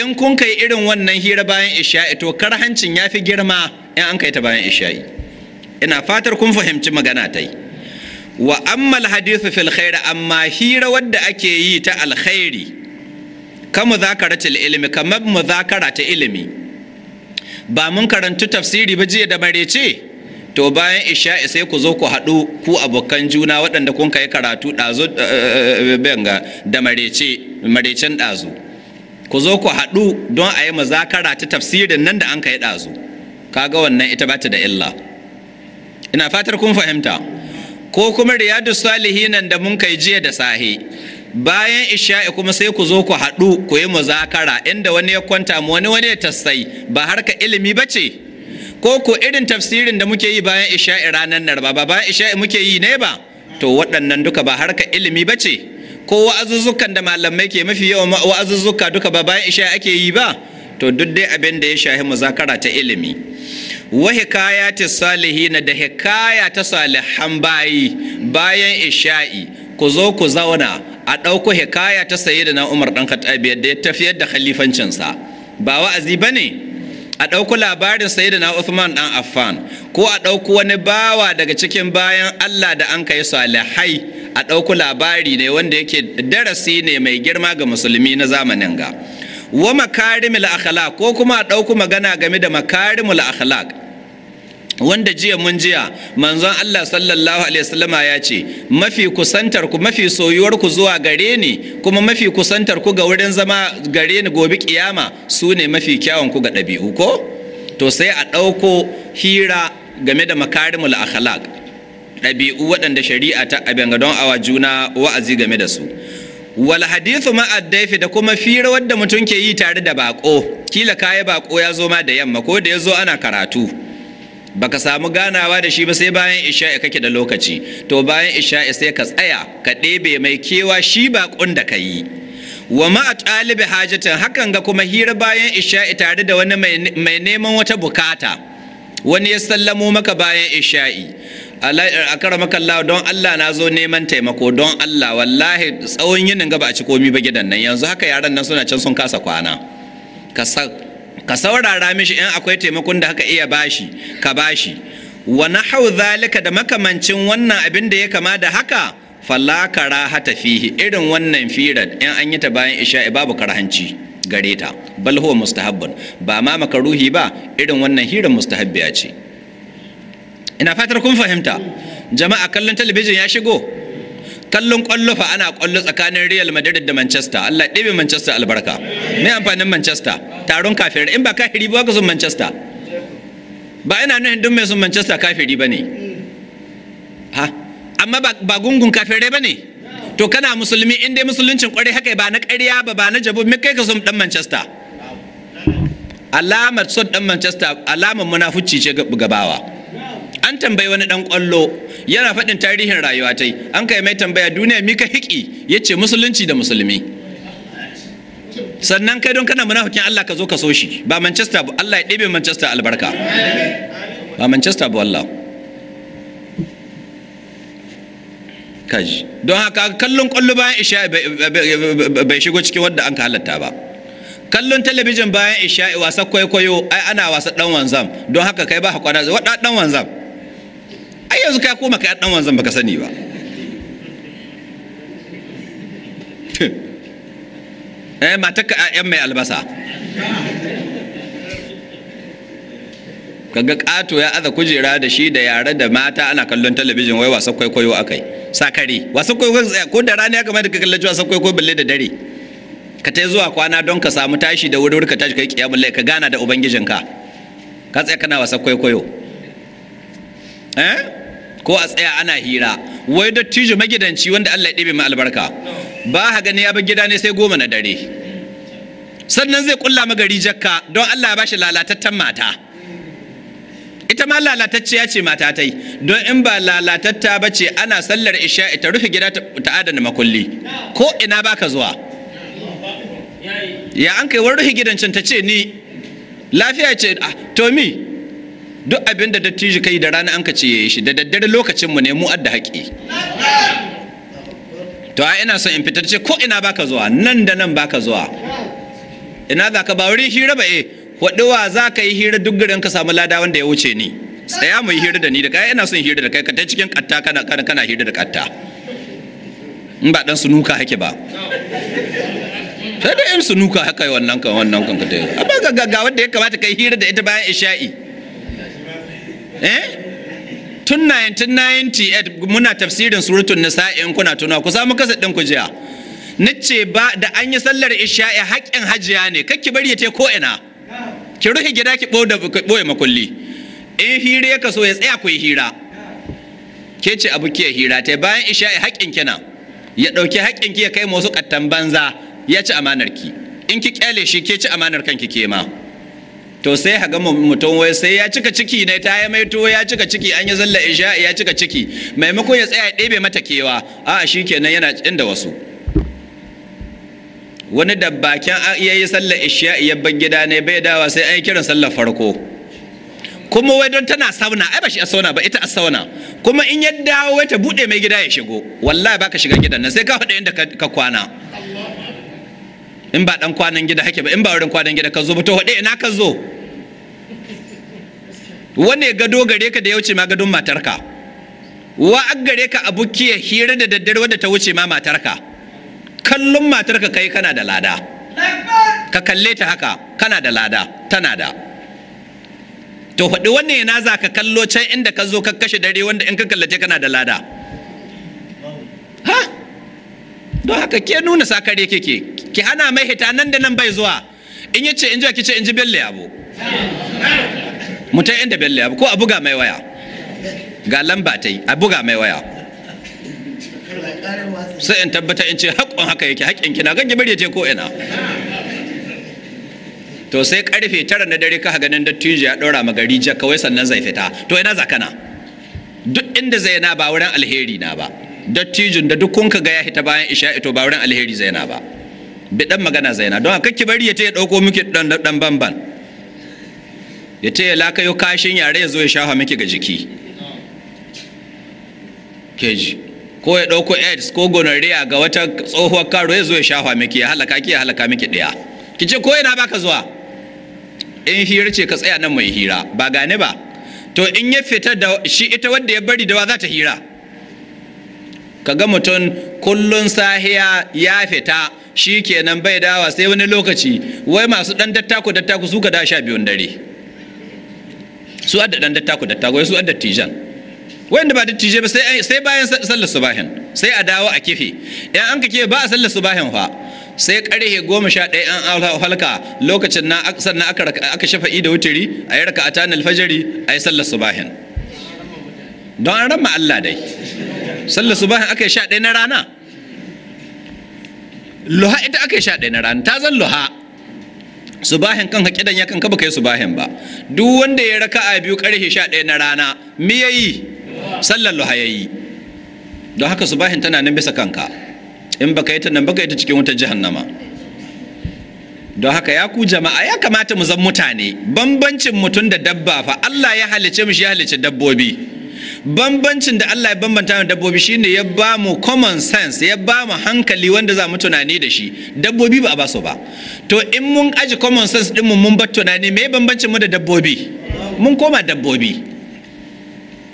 in kun ka yi irin wannan hira bayan isha'i to karhancin ya fi girma in an ka yi ta bayan isha'i ina fatar kun fahimci magana ta yi wa ammal hadithu fil khair amma hira wadda ake yi ta alkhairi ka muzakaratul ilimi kamar muzakara ta ilimi ba mun karantu tafsiri ba jiya da ce to bayan isha'i sai ku zo ku haɗu ku abokan juna waɗanda kun kai karatu ɗazu eh, eh, eh, da marece marecen ɗazu ku zo ku haɗu don a yi muzakara ta tafsirin nan da an kai ɗazu kaga wannan ita bata da illa ina fatar kun fahimta ko kuma riyadu nan da mun kai jiya da sahi bayan isha'i kuma sai ku zo ku haɗu ku yi muzakara inda wani ya kwanta mu wani wani ya tassai ba harka ilimi ba ce ko ku irin tafsirin da muke yi bayan isha'i ranar nan ba bayan isha'i muke yi ne ba to waɗannan duka ba harka ilimi ba ce ko wa'azuzzukan da malamai ke mafi yawan wa'azuzzuka duka ba bayan isha'i ake yi ba to duk dai abin da ya shahi muzakara ta ilimi wa salihi salihina da hikaya ta salihan bayi bayan isha'i ku zo ku zauna a ɗauko hikaya ta saye da na umar ɗan khattabi yadda ya tafiyar da khalifancinsa ba wa'azi ba ne a ɗauko labarin saye da na usman ɗan Affan ko a ɗauko wani bawa daga cikin bayan Allah da an kai salihai a ɗauko labari ne wanda yake darasi ne mai girma ga musulmi na zamanin ga wa makarimul akhlaq ko kuma a ɗauko magana game da makarimul akhlaq wanda jiya mun jiya manzon Allah sallallahu alaihi wasallama ya ce mafi kusantar ku mafi soyuwar ku zuwa gare ni kuma mafi kusantar ku ga wurin zama gare ni gobe kiyama su ne mafi kyawun ku ga ɗabi'u ko to sai a ɗauko hira game da makarimul akhlaq ɗabi'u waɗanda shari'a ta abin don awa juna wa'azi game da su wal hadithu ma addaifi da kuma fira wadda mutum ke yi tare da bako kila kaya bako ya zo ma da yamma ko da ya zo ana karatu baka samu ganawa da shi ba sai bayan isha'i kake da lokaci to bayan isha'i sai ka tsaya ka ɗebe mai kewa shi ba da ka yi wa a ɗalibi hajatin hakan ga kuma hira bayan isha'i tare da wani mai neman wata bukata wani ya sallamo maka bayan isha'i a Allah don Allah na zo neman taimako don Allah wallahi tsawon yinin gaba a ci komi ba gidan nan yanzu haka yaran nan suna can sun kasa kwana ka saurara mishi in akwai taimakon da haka iya bashi ka bashi wa nahau zalika da makamancin wannan abin da ya kama da haka falla karahata fihi irin wannan firar in an yi ta bayan isha'i babu karhanci gare ta bal huwa mustahabbun ba ma makaruhi ba irin wannan hirar mustahabbiya ce ina fatar kun fahimta jama'a kallon talabijin ya shigo kallon kwallo fa ana kwallo tsakanin Real Madrid da Manchester Allah ɗebe Manchester albarka mai amfanin Manchester taron kafirai in ba kafiri ba ka son Manchester ba ina nuhin duk mai son Manchester kafiri ba ne ha amma ba gungun kafirai ba ne to kana musulmi in dai musuluncin kwarai haka ba na ƙarya ba ba na jabo me kai ka son dan Manchester alamar son dan Manchester alamar munafuci ce gabawa an tambayi wani dan kwallo yana faɗin tarihin rayuwa tai an kai mai tambaya duniya mika hiki ya ce musulunci da musulmi sannan kai don kana munafikin Allah ka zo ka so shi ba Manchester ba Allah ya ɗebe Manchester albarka ba Manchester ba Allah kaji don haka kallon kwallo bayan isha bai shigo cikin wadda an ka halatta ba kallon talabijin bayan isha'i wasa kwaikwayo ai ana wasa dan wanzam don haka kai ba hakwana waɗa dan wanzam ai yanzu ka koma ka dan wanzan baka sani ba eh matarka yan mai albasa kaga kato ya aza kujera da shi da yare da mata ana kallon talabijin wai wasan kwaikwayo akai sakare wasan kwaikwayo ko da rana ya kamata ka kallaci wasan kwaikwayo balle da dare ka ta zuwa kwana don ka samu tashi da wuri ka tashi kai kiyamul lai ka gana da ubangijinka ka tsaya kana wasan kwaikwayo eh ko a tsaya ana hira wai dattijo magidanci wanda Allah ya ɗebe mu albarka ba ha gani ya bar gida ne sai goma na dare sannan zai kulla ma gari jakka don Allah ya bashi lalatattan mata ita ma lalatacciya ce mata tai don in ba lalatatta ba ce ana sallar isha ta rufe gida ta adana makulli ko ina baka zuwa ya an kai wani rufe gidancin ta ce ni lafiya ce ah, to mi duk abin da dattijo kai da rana an ka ce yayi shi da daddare lokacin mu ne mu adda haƙi to a ina son in fitar ce ko ina baka zuwa nan da nan baka zuwa ina za ka ba wuri hira ba eh waɗuwa za ka yi hira duk garin ka samu lada wanda ya wuce ni tsaya mu yi hira da ni da kai ina son hira da kai ka ta cikin katta kana kana kana hira da katta in ba dan sunuka hake ba sai da in sunuka haka wannan kan wannan kan ka ta yi amma ga ga wanda ya kamata kai hira da ita bayan isha'i Eh? tun 1998 muna tafsirin suratun nisa'i in kuna tuna ku samu kasa ɗin ku jiya nace ba da an yi sallar isha'i haƙƙin hajiya ne kakki bari ya te ko ki rufe gida ki ɓoye makulli in hira ya kaso ya tsaya ku yi hira ke ce abu ke hira ta bayan isha'i haƙƙin kina ya ɗauki haƙƙin ki ya kai masu ƙattan banza ya ci amanar ki in ki ƙyale shi ke ci amanar kanki ke ma to sai ga mutum wai sai ya cika ciki ne ta yi maito ya cika ciki an yi zalla isha ya cika ciki maimakon ya tsaya ɗebe mata kewa a shi kenan yana inda wasu wani da bakin ya yi sallar isha ya ban gida ne bai dawa sai an yi kiran sallar farko kuma wai don tana sauna ai ba shi a sauna ba ita a sauna kuma in ya dawo wai ta buɗe mai gida ya shigo wallahi baka shiga gidan nan sai ka faɗa inda ka kwana in ba dan kwanan gida hake ba in ba wurin kwanan gida ka zo ba to hade ina ka zo wanne gado gare ka da ya wuce ma gadon matarka wa a gare ka a kiya hira da daddare wanda ta wuce ma matarka kallon matarka kai kana da lada ka kalle ta haka kana da lada tana da to faɗi wanne ina za ka kallo can inda ka zo ka kashe dare wanda in ka kallace kana da lada ha don haka ke nuna sakare kike ki hana mai hita nan da nan bai zuwa in ya ce in ji kice in ji belle abu mutai inda belle abu ko a buga mai waya ga lamba ta yi a buga mai waya sai in tabbata in ce haƙon haka yake haƙin kina gan gibir ya je ko ina to sai karfe tara na dare ka ganin dattijo ya ɗora ma gari ja kawai sannan zai fita to ina zakana duk inda zai na ba wurin alheri na ba dattijun da duk kun ga ya hita bayan isha'i to ba wurin alheri zaina ba bi dan magana zaina don haka ki bari ya ta ya dauko miki dan dan banban ya ta ya lakayo kashin yare ya zo ya shafa miki ga jiki keji ko ya dauko aids ko gonorrhea ga wata tsohuwar karo ya zo ya shafa miki ya halaka ki ya halaka miki daya ki ce ko ina baka zuwa in hira ce ka tsaya nan mai hira ba gane ba to in ya fita da shi ita wadda ya bari da wa za ta hira kaga mutum kullun sahiya ya fita shi kenan bai dawa sai wani lokaci wai masu dan dattaku dattaku su ka da sha biyun dare su adda dan dattaku dattaku su adda tijan wanda ba dattije ba sai bayan sallar subahin sai a dawo a kife yan an kake ba a sallar subahin fa sai karhe goma sha ɗaya an halka lokacin na sannan aka shafa da wuturi a yi raka a tanar fajari a yi sallar subahin don an rama Allah dai sallar subahin aka yi sha ɗaya na rana luha ita aka yi sha ɗaya na rana ta zan luha subahin kan haƙidan ya kan kaba kai subahin ba duk wanda ya raka a biyu ƙarfe sha ɗaya na rana mi ya yi sallar luha ya yi don haka subahin tana nan bisa kanka in baka yi ta nan baka yi ta cikin wutar nama. don haka ya ku jama'a ya kamata mu zan mutane bambancin mutum da dabba fa Allah ya halice mu shi ya halice dabbobi bambancin da Allah ya bambanta da dabbobi shine ya ba mu common sense ya ba mu hankali wanda za mu tunani da shi dabbobi ba a ba su ba to in mun aji common sense din mu mun bar tunani me bambancin mu da dabbobi mun koma dabbobi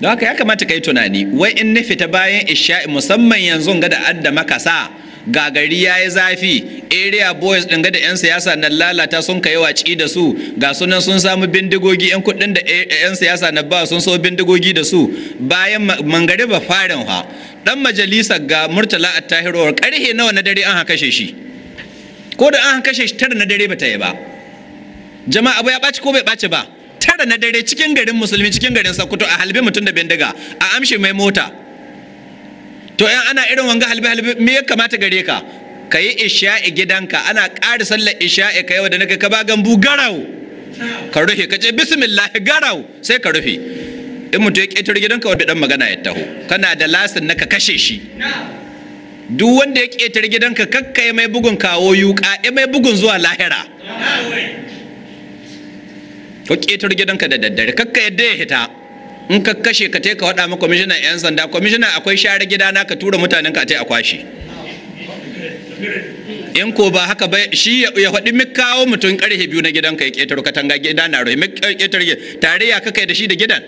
don haka ya kamata ka yi tunani wai in na fita bayan isha'i musamman yanzu ga da adda makasa gagari ya yi zafi area boys ɗin da 'yan siyasa na lalata sun kai waci da su ga sunan sun samu bindigogi 'yan kuɗin da e, e, 'yan siyasa na ba sun so bindigogi da su bayan mangare ba farin ha dan majalisa ga murtala attahirowar karhe nawa na dare an kashe shi ko da an kashe shi tara na dare bata yi ba jama'a abu ya ɓaci ko bai ɓaci ba tara na dare cikin garin musulmi cikin garin sakuto a halbi mutum da bindiga a amshi mai mota to yan ana irin wanga halbe halbe me ya kamata gare ka ka yi isha'i gidanka ana ƙara sallar isha'i ka yawa da naka ka ba gambu garau ka rufe ka ce bismillah garau sai ka rufe in mutum ya ƙetare gidanka wanda dan magana ya taho kana da lasin naka kashe shi duk wanda ya ƙetare gidanka kakka mai bugun kawo yuƙa ya mai bugun zuwa lahira ka ƙetare gidanka da daddare kakka yadda ya hita in ka kashe ka ka waɗa ma kwamishinan 'yan sanda kwamishinan akwai share gida na ka tura mutanen ka a a kwashe in ko ba haka ba shi ya faɗi mi kawo mutum ƙarfe biyu na gidan ka ya ka katanga gida na rohi mi ƙetaro tare ya kakai da shi da gidan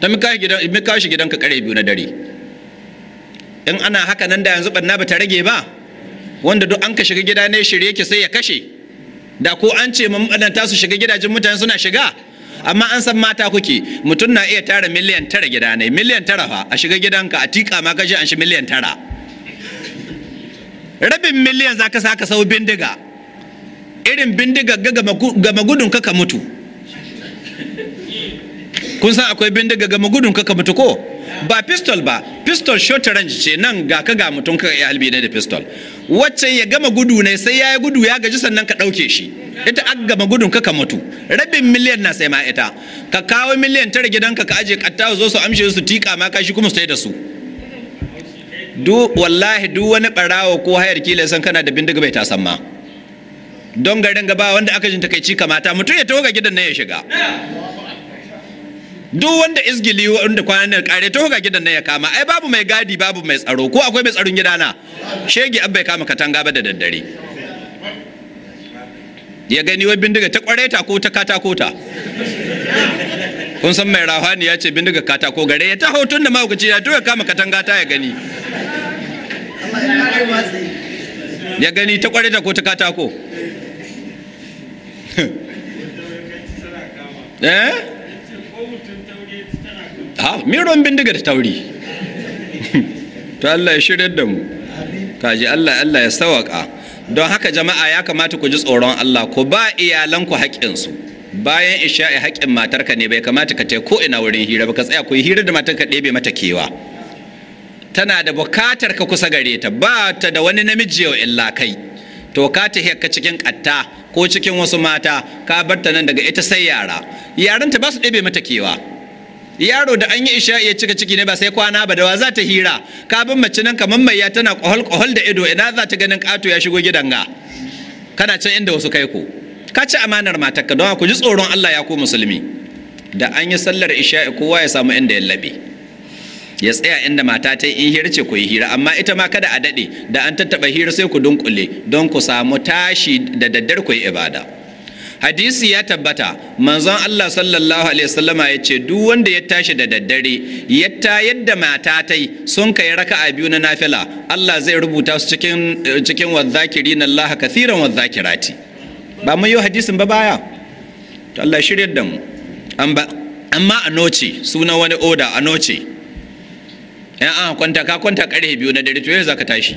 ta mi kawo shi gidan ka ƙarfe biyu na dare in ana haka nan da yanzu ɓanna ba ta rage ba wanda duk an ka shiga gida ne shirye ke sai ya kashe da ko an ce ta su shiga gidajen mutane suna shiga amma an san mata kuke mutum na iya tara miliyan tara gida ne miliyan tara fa a shiga gidanka a tika ma kashe an shi miliyan tara rabin miliyan za ka sa ka sau bindiga irin bindiga ga magudun ka ka mutu kun san akwai bindiga ga magudun ka ka mutu ko ba pistol ba pistol short range ce nan ga ka ga mutum ka ya halbi ne da pistol wacce ya gama gudu ne sai ya yi gudu ya gaji sannan ka ɗauke shi ita aka gama gudun ka ka mutu rabin miliyan na sai ma ita ka kawo miliyan tara gidanka ka aje katta zo su amshe su tika ma kashi kuma sai da su du wallahi duk wani barawo ko hayar kila san kana da bindiga bai tasan ma don garin gaba wanda aka jin takaici kamata mutum ya taho ga gidan nan ya shiga duk wanda izgili wanda kwanan nan kare to ga gidan nan ya kama ai babu mai gadi babu mai tsaro ko akwai mai tsaron gidana shege abba ya kama katanga ba da daddare ya gani wai bindiga ta kware ta ko ta katako ta kun san mai rahani ya ce bindiga katako gare ya ta hoton da mahaukaci ya to ya kama katanga ta ya gani ya gani ta kware ta ko ta katako [LAUGHS] eh ha miron bindigar tauri to Allah ya shirya da mu kaji Allah Allah ya sawaka don haka jama'a ya kamata ku ji tsoron Allah ku ba iyalanku haƙƙinsu bayan isha'i haƙƙin matarka ne bai kamata ka tai ko ina wurin hira ba ka tsaya ku hira da matarka ɗebe mata kewa tana da bukatar ka kusa gare ta ba ta da wani namiji yau illa kai to ka ta hekka cikin ƙatta ko cikin wasu mata ka bar ta nan daga ita sai yara yaranta ba su ɗebe mata kewa yaro da an yi isha'i ya cika ciki ne ba sai kwana ba da wa za ta hira ka bin mace nan kamar mai ya tana kohol kohol da ido ina za ta ganin kato ya shigo gidan ga kana can inda wasu kai ku ka ci amanar ka, don ku ji tsoron Allah ya ku musulmi da an yi sallar isha'i kowa ya samu inda ya labe ya tsaya inda mata ta in hira ce ku yi hira amma ita ma kada a daɗe da an tattaɓa hira sai ku dunkule don ku samu tashi da daddar ku yi ibada hadisi ya tabbata manzon Allah sallallahu alaihi wasallama ya ce duk wanda ya tashi da daddare ya mata ta yi sun kai raka'a biyu na nafila Allah zai rubuta su cikin cikin na Allah kathiran wadhakirati ba mun yi hadisin ba baya to Allah shiryar da mu amma Anoce sunan wani oda Anoce. noce an kwanta ka kwanta karfe biyu na dare to yau zaka tashi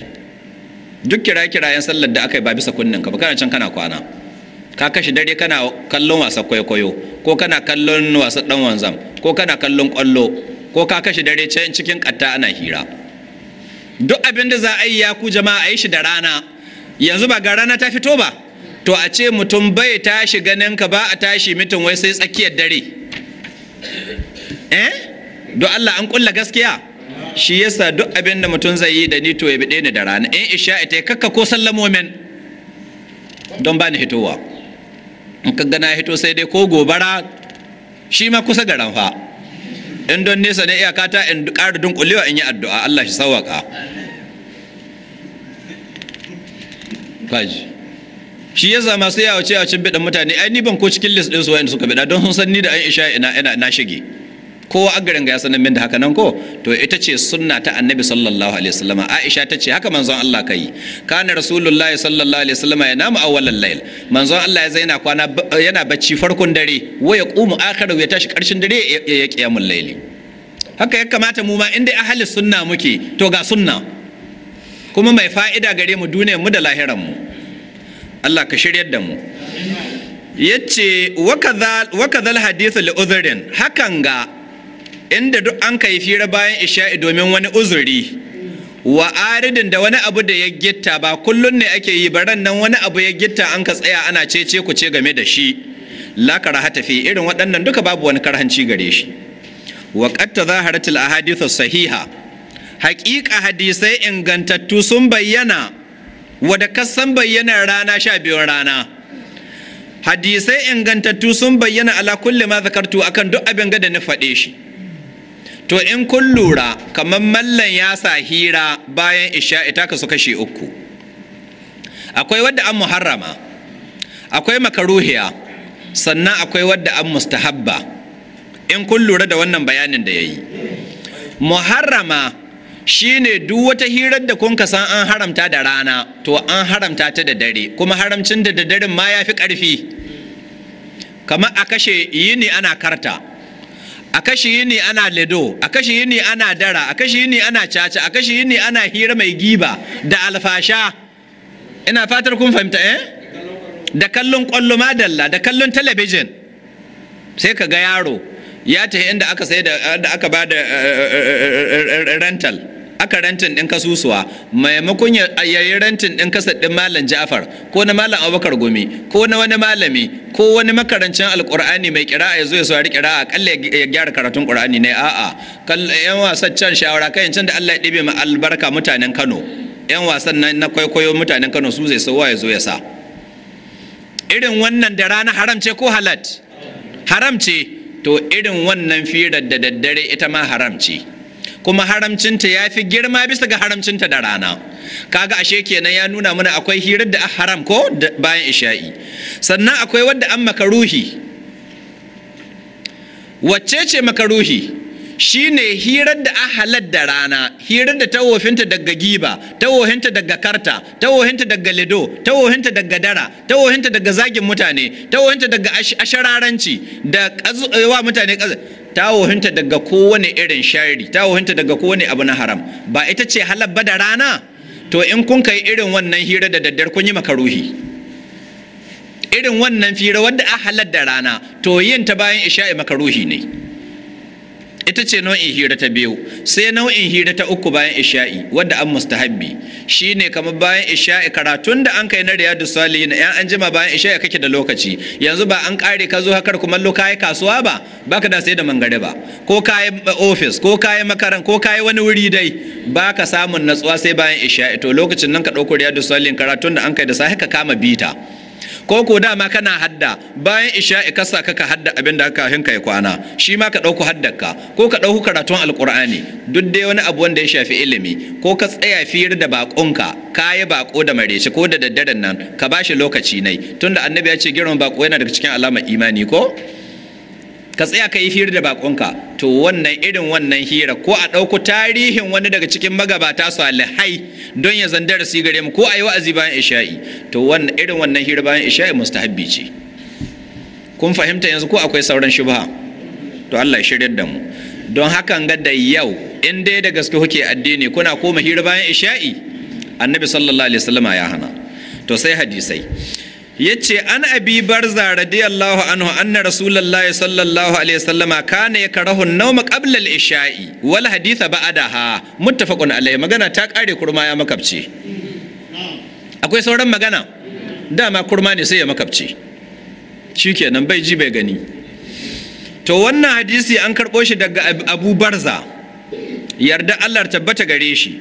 duk kira yan sallar da aka yi ba bisa kunnen ka ba kana can kana kwana ka kashe dare kana kallon wasa kwaikwayo ko kana kallon wasa dan wanzam ko kana kallon kwallo ko ka kashe dare can cikin katta ana hira duk abin da za a yi ya ku jama'a a yi shi da rana yanzu ba ga rana ta fito ba to a ce mutum bai tashi ganin ka ba a tashi mutum wai sai tsakiyar dare eh don Allah an kulla gaskiya shi yasa duk abin da mutum zai yi da ni to ya bi ni da rana in isha ita kakka ko sallamomen don ba ni hitowa in ka gana hito sai dai ko gobara shi ma kusa garan fa in don nesa ne iyaka ta in ƙara dunkulewa in yi addu'a Allah shi sawaka kaji shi ya zama sai yawace yawacin biɗin mutane ai ni ban ko cikin list ɗin su wayanda suka biɗa don sun san ni da an isha ina ina na shige kowa a garin ya sanin min da haka nan ko to ita ce sunna ta annabi sallallahu alaihi wasallam aisha ta ce haka manzon Allah kai kana rasulullahi sallallahu alaihi wasallam ya namu al layl manzon Allah ya zaina kwana yana bacci farkon dare wa ya qumu akhiru ya tashi karshen dare ya qiyamul layli haka ya kamata mu ma inda ahli sunna muke to ga sunna kuma mai fa'ida gare mu duniyar mu da lahiran mu Allah ka shiryar da mu yace wa kadhal hadithu li udhrin hakan ga inda duk an kai fira bayan isha'i domin wani uzuri wa aridin da wani abu da ya gitta ba kullun ne ake yi baran nan wani abu ya gitta an ka tsaya ana cece ku ce game da shi la karahata fi irin waɗannan duka babu wani karhanci gare shi wa qad tazaharatil ahadithu sahiha haƙiƙa hadisai ingantattu sun bayyana wada kasan bayyana rana sha biyun rana hadisai ingantattu sun bayyana ala kulli ma zakartu akan duk abin ga da na fade shi to in kun lura kamar mallan ya sa hira bayan isha'i ta su kashe uku akwai wadda an muharrama akwai makaruhiya sannan akwai wadda an mustahabba in kun lura da wannan bayanin da ya yi muharrama shi ne duk wata hirar da kun san an haramta da rana to an haramta ta da dare kuma haramcin da da ma ya fi ƙarfi kamar a kashe yini ana karta a kashi yini ana ledo a kashi yini ana dara a kashi yini ana caca a kashi yini ana hira mai giba da alfasha ina fatar kun fahimta eh da kallon kwallo madalla da kallon talabijin sai ka ga yaro ya tafi inda aka sai da aka ba da eh, eh, eh, rental aka rantin ɗin kasusuwa maimakon ya yi rantin ɗin kasar ɗin malam ja'far ko na malam abubakar gumi ko na wani malami ko wani makarancin alƙur'ani mai kira'a ya zo ya saurari kira'a akalla ya gyara karatun ƙur'ani ne a'a yan wasan can shawara kayan can da allah ya ɗibe ma albarka mutanen kano yan wasan na kwaikwayo mutanen kano su zai sauwa ya zo ya sa irin wannan da rana haram ce ko halat haram ce to irin wannan firar da daddare ita ma haram ce kuma haramcinta ya fi girma bisa ga haramcinta da rana kaga ashe kenan ya nuna mana akwai hirar da haram ko bayan isha'i sannan akwai wadda an makaruhi wacce ce makaruhi ne hirar da halar da rana hirar da tawofinta daga giba tawofinta daga karta tawofinta daga lido tawofinta daga dara tawofinta daga zagin mutane tawofinta daga ashararanci da wa mutane ta wohinta daga kowane irin shari ta daga kowane abu na haram ba ita ce halabba da rana to in kun kai irin wannan hira da daddare kun yi makaruhi irin wannan fira wadda a halar da rana to yin ta bayan isha'i makaruhi ne ita ce nau'in hira ta biyu sai nau'in hira ta uku bayan isha'i wadda an mustahabbi shine kamar bayan isha'i karatun da an kai na riyadu salihin yan an jima bayan isha'i kake da lokaci yanzu ba an kare ka zo hakar kumallo kayi kasuwa ba baka da sai da mangare ba ko kayi ofis, ko kayi makaran ko kayi wani wuri dai baka samun natsuwa sai bayan isha'i to lokacin nan ka dauko riyadu salihin karatun da an kai da sahi ka kama bita ko ko dama kana hadda bayan isha ka kasa kaka hadda abin da ka hinka ya kwana shi ma ka ɗauko haddarka ko ka ɗauko karatun Alqur'ani duk dai wani abu wanda ya shafi ilimi ko ka tsaya fiyar da baƙonka ka yi baƙo da mareci ko da daddaren nan ka ba shi lokaci nai tunda annabi ya ce girman baƙo yana daga cikin alamar imani ko ka tsaya ka yi fiyar da baƙonka to wannan irin wannan hira ko a ɗauko tarihin wani daga cikin magabata salihai don ya zandar su gare mu ko a yi wa'azi bayan isha'i to wannan irin wannan hira bayan isha'i mustahabbi ce kun fahimta yanzu ko akwai sauran shubha to Allah ya shiryar da mu don hakan ga da yau in dai da gaske kuke addini kuna koma hira bayan isha'i annabi sallallahu alaihi wasallama ya hana to sai hadisai yace an abi barza radiyallahu anhu anna rasulullahi sallallahu alaihi wasallama kana yakrahu an nawm qabla al-isha'i wal haditha ba'daha muttafaqun alaihi magana ta kare kurma ya makabci akwai sauran magana dama kurma ne sai ya makabci shikenan bai ji bai gani to wannan hadisi an karbo shi daga abu barza yarda allah tabbata gare shi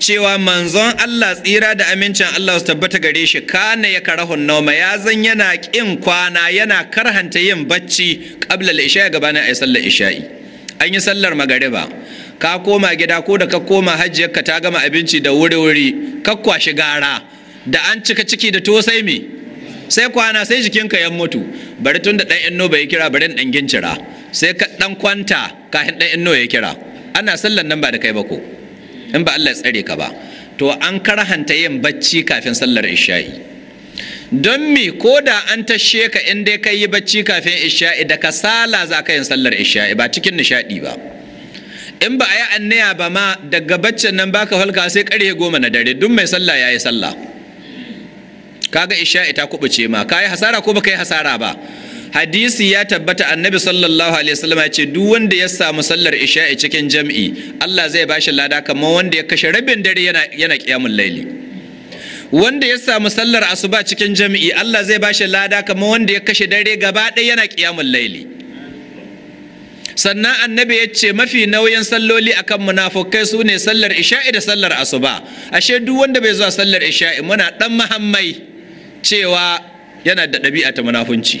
cewa manzon Allah tsira da amincin Allah su tabbata gare shi kana ya karahun nauma ya zan yana ƙin kwana yana karhanta yin bacci qabla al-isha gabanin ayi sallar isha'i an yi sallar magariba ka koma gida ko da ka koma ka ta gama abinci da wuri-wuri ka kwashi gara da an cika ciki da tosai me sai kwana sai jikinka ya mutu bari tun da ɗan inno bai kira bari ɗan gincira sai ka ɗan kwanta kafin ɗan inno ya kira ana sallar nan ba da kai ba ko in ba Allah ya tsare ka ba to an karhanta yin bacci kafin sallar isha'i don me ko da an tashe ka in dai ka yi bacci kafin isha'i da kasala za ka yin sallar isha'i ba cikin nishaɗi ba in ba a yi annaya ba ma daga baccin nan baka halka sai karye goma na dare duk mai sallah ya yi sallah kaga isha'i ta kubuce ma ka yi hasara ko ba yi hasara ba hadisi ya tabbata annabi sallallahu alaihi wasallam ya ce duk wanda ya samu sallar isha'i cikin jam'i Allah zai bashi lada kamar wanda ya kashe rabin dare yana yana qiyamul laili wanda ya samu sallar asuba cikin jam'i Allah zai bashi lada kamar wanda ya kashe dare gaba ɗaya yana qiyamul laili sannan annabi ya ce mafi nauyin salloli akan munafukai su ne sallar isha'i da sallar asuba ashe duk wanda bai zuwa sallar isha'i muna dan mahammai cewa yana da ɗabi'a ta munafunci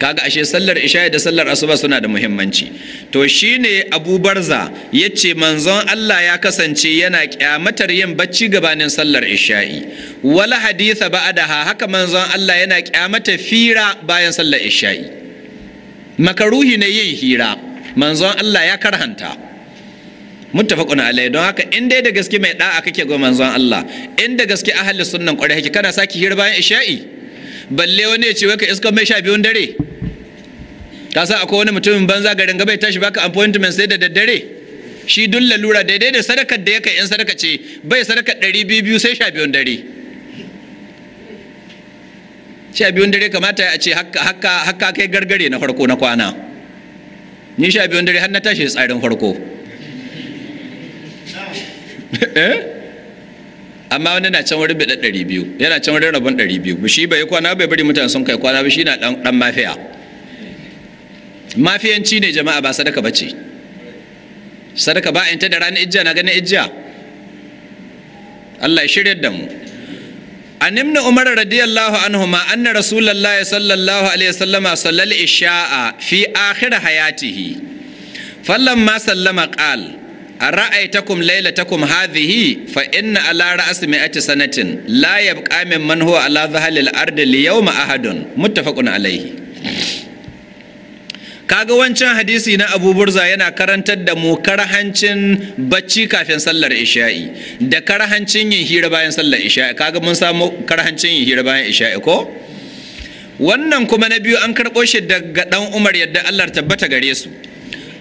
kaga ashe sallar isha'i da sallar asuba suna da muhimmanci to shine abu barza ya ce manzon allah ya kasance yana kyamatar yin bacci gabanin sallar isha'i wala haditha ha haka manzon allah yana kyamata fira bayan sallar isha'i makaruhi na yin hira manzon allah ya karhanta muttafaqun alai don haka in dai da gaske mai da'a kake ga manzon allah in da gaske ahli sunnan kwarai haki kana saki hira bayan isha'i balle wani ya ce wai ka iska mai sha biyun dare ka sa akwai wani mutumin banza garin gaba ya tashi baka appointment sai da daddare shi duk lalura daidai da sadakar da yake in sadaka ce bai sadaka ɗari biyu biyu sai sha biyun dare sha biyun dare kamata a ce haka kai gargare na farko na kwana ni sha biyun dare har na tashi tsarin farko [LAUGHS] eh amma wani na can wurin bidan ɗari biyu yana can wurin rabon ɗari biyu shi bai yi kwana bai bari mutane sun kai kwana ba na ɗan mafiya mafiyanci ne jama'a ba sadaka ba ce sadaka ba in ta da ranar ijja na ganin ijja Allah ya shirya da mu an ibn umar radiyallahu anhu ma anna rasulullahi sallallahu alaihi wasallama sallal isha'a fi akhir hayatihi ma sallama qala أرأيتكم ليلتكم هذه فإن على رأس sanatin سنة لا يبقى huwa ala على ظهر الأرض اليوم أحد متفق عليه kaga wancan hadisi na abu burza yana karantar da mu karahancin bacci kafin sallar isha'i da karahancin yin hira bayan sallar isha'i kaga mun samu karahancin yin hira bayan isha'i ko wannan kuma na biyu an karɓo shi daga ɗan umar yadda allah tabbata gare su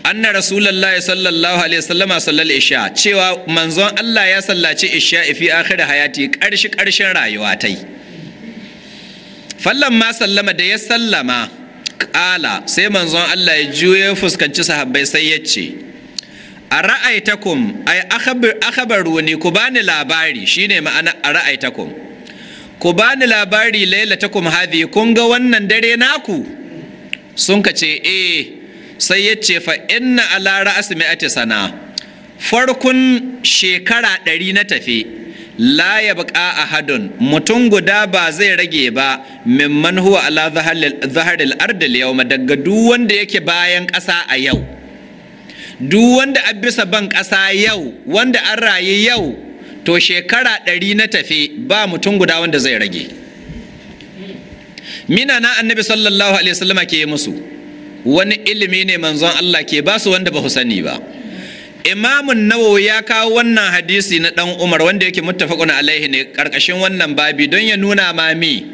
anna rasulullahi sallallahu alaihi wasallam sallal isha cewa manzon Allah ya sallaci isha fi akhir hayati karshi karshen rayuwa tai fallan ma sallama da ya sallama kala sai manzon Allah ya juye fuskanci sahabbai sai ya ce a ra'aitakum ay akhbaru ni ku bani labari shine ma'ana a ra'aitakum ku bani labari lailatakum hadhi kun ga wannan dare naku sun kace eh sai ya ce fa inna ala ra'asi mi'ati sana farkon shekara ɗari na tafi la ya a ahadun mutum guda ba zai rage ba mimman huwa ala zaharil ardil yau daga duk yake bayan ƙasa a yau duk wanda a bisa ban ƙasa yau wanda an rayu yau to shekara ɗari na tafi ba mutum guda wanda zai rage mina na annabi sallallahu alaihi wasallama ke musu wani ilimi ne manzon Allah ke ba su wanda ba sani ba imamun nawawi ya kawo wannan hadisi na dan umar wanda yake muttafaqun alaihi ne karkashin wannan babi don ya nuna mami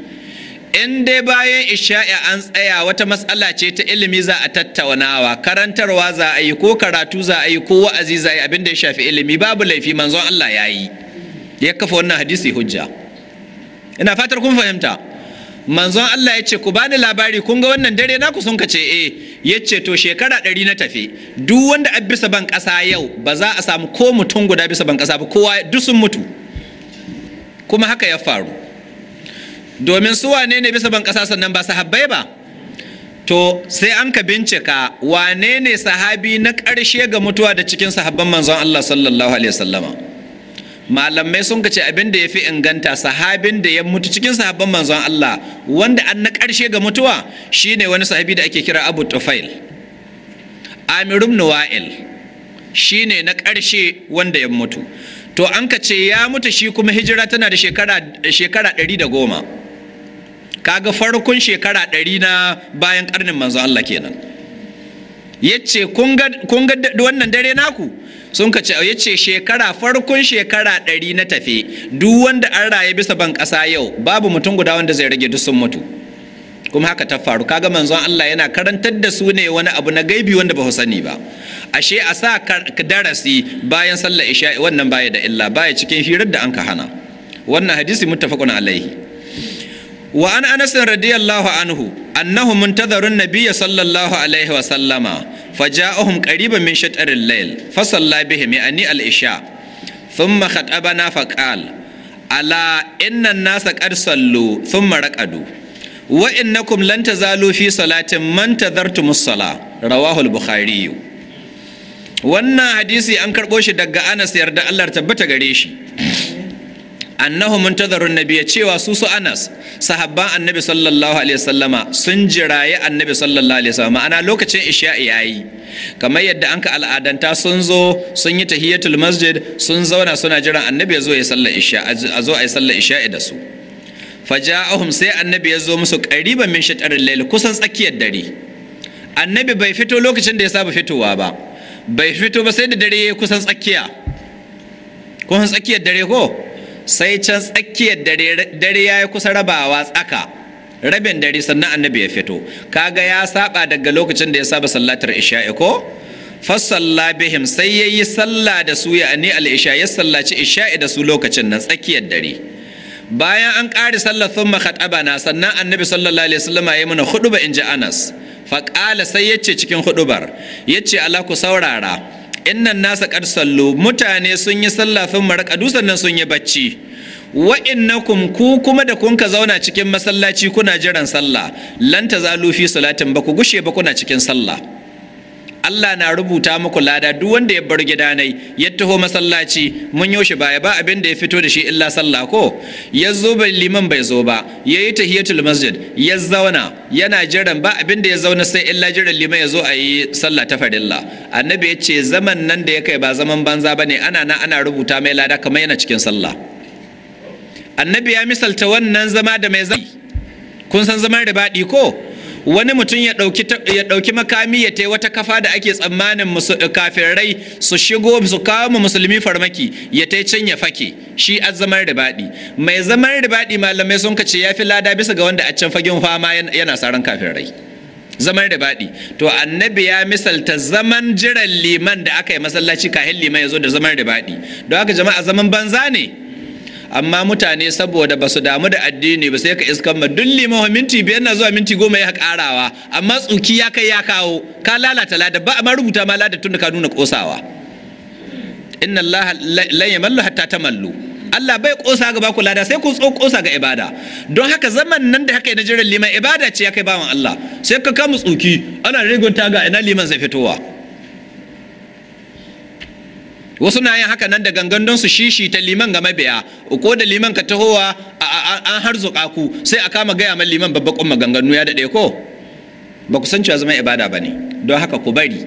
in dai bayan isha'i an tsaya wata matsala ce ta ilimi za a tattaunawa karantarwa za a yi ko karatu za a yi ko wa'azi za a yi abin ya shafi ilimi babu laifi manzon Allah ya yi ya kafa wannan hadisi hujja ina fatar kun fahimta manzon Allah ya ce ku bani labari kun ga wannan dare na ku sun ka ce eh ya ce to shekara ɗari na tafi duk wanda a bisa ban ƙasa yau ba za a samu ko mutum guda bisa ban ƙasa ba kowa duk sun mutu kuma haka ya faru domin su wane ne bisa ban ƙasa sannan ba sahabbai ba to sai an ka bincika wane ne sahabi na ƙarshe ga mutuwa da cikin sahabban manzon Allah sallallahu alaihi wasallama malamai sun ce abin da ya fi inganta sahabin da ya mutu cikin sahabban manzon Allah wanda an na ƙarshe ga mutuwa shine wani sahabi da ake kira Abu Tufail Amirum Nuwa'il shine na ƙarshe wanda ya mutu to an ka ce ya mutu shi kuma hijira tana da shekara ɗari da goma kaga farkon shekara ɗari na bayan karnin manzon Allah kenan ya ce kun ga wannan dare naku sun ka ce ya ce shekara farkon shekara ɗari na tafe. duk wanda an raye bisa ban ƙasa yau babu mutum guda wanda zai rage duk sun mutu kuma haka ta faru kaga manzon Allah yana karantar da su ne wani abu na gaibi wanda ba sani ba ashe a sa darasi bayan sallar isha wannan baya da illa baya cikin hirar da an ka hana wannan hadisi muttafaqun alaihi wa an anas radiyallahu anhu annahu muntazarun nabiyya sallallahu alaihi wa sallama faja'ahum qariban min shatril layl fa salla bihim yani al isha thumma khatabana fa qala ala inna an-nasa qad sallu thumma raqadu wa innakum lan tazalu fi salatin man tadartumus sala rawahu bukhari wannan hadisi an karbo shi daga Anas yarda Allah tabbata gare shi annahu muntazarun nabiyya cewa su su anas sahabban annabi sallallahu alaihi wasallama sun jiraye annabi sallallahu alaihi wasallama ana lokacin isha'i yayi kamar yadda an ka al'adanta sun zo sun yi tahiyatul masjid sun zauna suna jiran annabi ya zo ya sallar isha a zo a yi sallar isha'i da su faja'ahum sai annabi ya zo musu qariban min shatarin layl kusan tsakiyar dare annabi bai fito lokacin da ya saba fitowa ba bai fito ba sai da dare kusan tsakiya kusan tsakiyar dare ko sai can tsakiyar dare dare ya yi kusa rabawa tsaka rabin dare sannan annabi ya fito kaga ya saba daga lokacin da ya saba sallatar isha'i ko fasalla bihim sai ya yi salla da su ya ani al'isha ya sallaci isha'i da su lokacin nan tsakiyar dare bayan an ƙari sallar sun na sannan annabi sallallahu alaihi wasallam ya mana huduba in ji anas faƙala sai ya ce cikin hudubar ya ce ala ku saurara innan nasa qad sallu mutane sun yi sallah sun dusan sannan sun yi bacci wa innakum ku kuma da kun ka zauna cikin masallaci kuna jiran sallah lan tazalu fi salatin ba ku gushe ba kuna cikin sallah Allah na rubuta muku lada duk wanda ya bar gida nai ya taho masallaci mun yoshi baya ba abin da ya fito da shi illa sallah ko ya zo bai liman bai zo ba ya yi tahiyatul masjid ya zauna yana jiran ba abin da ya zauna sai illa jiran liman ya zo a yi sallah ta farilla annabi ya ce zaman nan da ya kai ba zaman banza bane ana na ana rubuta mai lada kamar yana cikin sallah annabi ya misalta wannan zama da mai zai kun san zaman ribadi ko wani mutum ya ɗauki makami ya tai wata kafa da ake tsammanin kafirai su shigo su kawo mu musulmi farmaki ya tai can ya fake shi azamar ribaɗi mai zamar ribaɗi malamai sun kace ya fi lada bisa ga wanda a can fagen fama yana saran kafirai zamar ribaɗi to annabi ya misalta zaman jiran liman da aka yi masallaci kahin liman ya zo da zamar ribaɗi don haka jama'a zaman banza ne amma mutane saboda ba su damu da addini ba sai ka iskan ma duk limawa minti biyar na zuwa minti goma ya karawa amma tsuki ya kai ya kawo ka lalata lada ba amma rubuta ma lada tun da ka nuna kosawa inna allaha lan yamallu hatta tamallu Allah bai kosa ga baku lada sai ku kosa ga ibada don haka zaman nan da haka na jiran liman ibada ce ya kai bawan Allah sai ka kama tsuki ana rigunta ga ina liman zai fitowa wasu na yin haka nan da gangan don su shishi ta liman ga mabiya ko da liman ka tahowa an harzuka ku sai a kama gaya ma liman babba kuma ya daɗe ko ba ku san cewa zama ibada ba ne don haka ku bari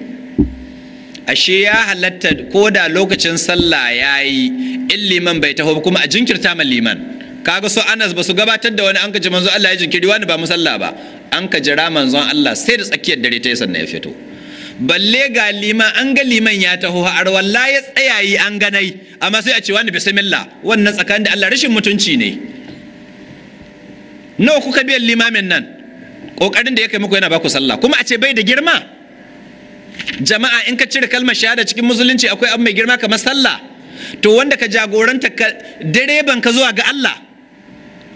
ashe ya halatta ko da lokacin sallah ya yi in liman bai taho kuma a jinkirta ma liman kaga so anas ba su gabatar da wani an ka ji manzo Allah ya jinkiri wani ba musalla ba an kaji jira manzon Allah sai da tsakiyar dare ta yi sannan ya fito balle ga liman an ga liman ya taho har walla ya tsayayi an ganai amma sai a ce wani bismillah wannan tsakanin da Allah rashin mutunci ne nawa kuka biyan limamin nan kokarin da ya kai muku yana baku sallah kuma a ce bai da girma jama'a in ka cire kalmar shahada cikin musulunci akwai abu mai girma kamar sallah to wanda ka jagoranta ka direban ka zuwa ga Allah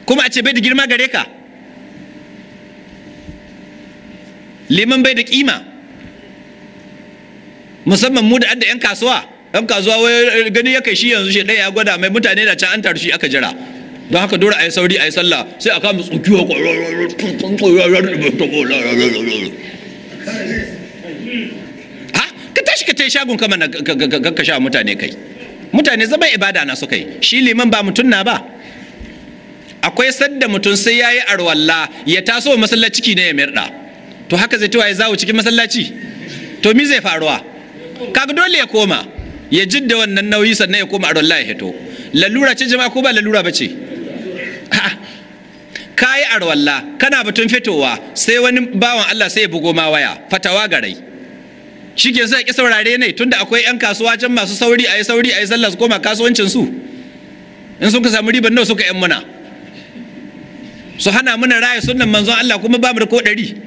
kuma a ce bai da girma gare ka liman bai da kima musamman mu da adda yan kasuwa yan kasuwa wai gani ya kai shi yanzu shi ɗaya ya gwada mai mutane da can an shi aka jira don haka dole a yi sauri a yi sallah sai a kama tsukiwa ha ka tashi ka tai shagon kama ka sha mutane kai mutane zama ibada na suka yi shi liman ba mutum na ba akwai sadda mutum sai ya yi arwalla ya taso masallaci ne ya mirɗa to haka zai tawaye zawo cikin masallaci to mi zai faruwa kaga dole ya koma ya jidda wannan nauyi sannan ya koma arwalla ya hito lalura ce jama'a ko ba lalura ba ce Ka kayi arwalla kana batun fitowa sai wani bawan Allah sai ya bugo ma waya fatawa garai shi ke zai ki saurare ne tunda akwai 'yan kasuwa can masu sauri a yi sauri a yi sallah su koma kasuwancin su in sun ka samu riban nawa suka 'yan muna su hana muna raya sunan manzon Allah kuma ba mu da ko ɗari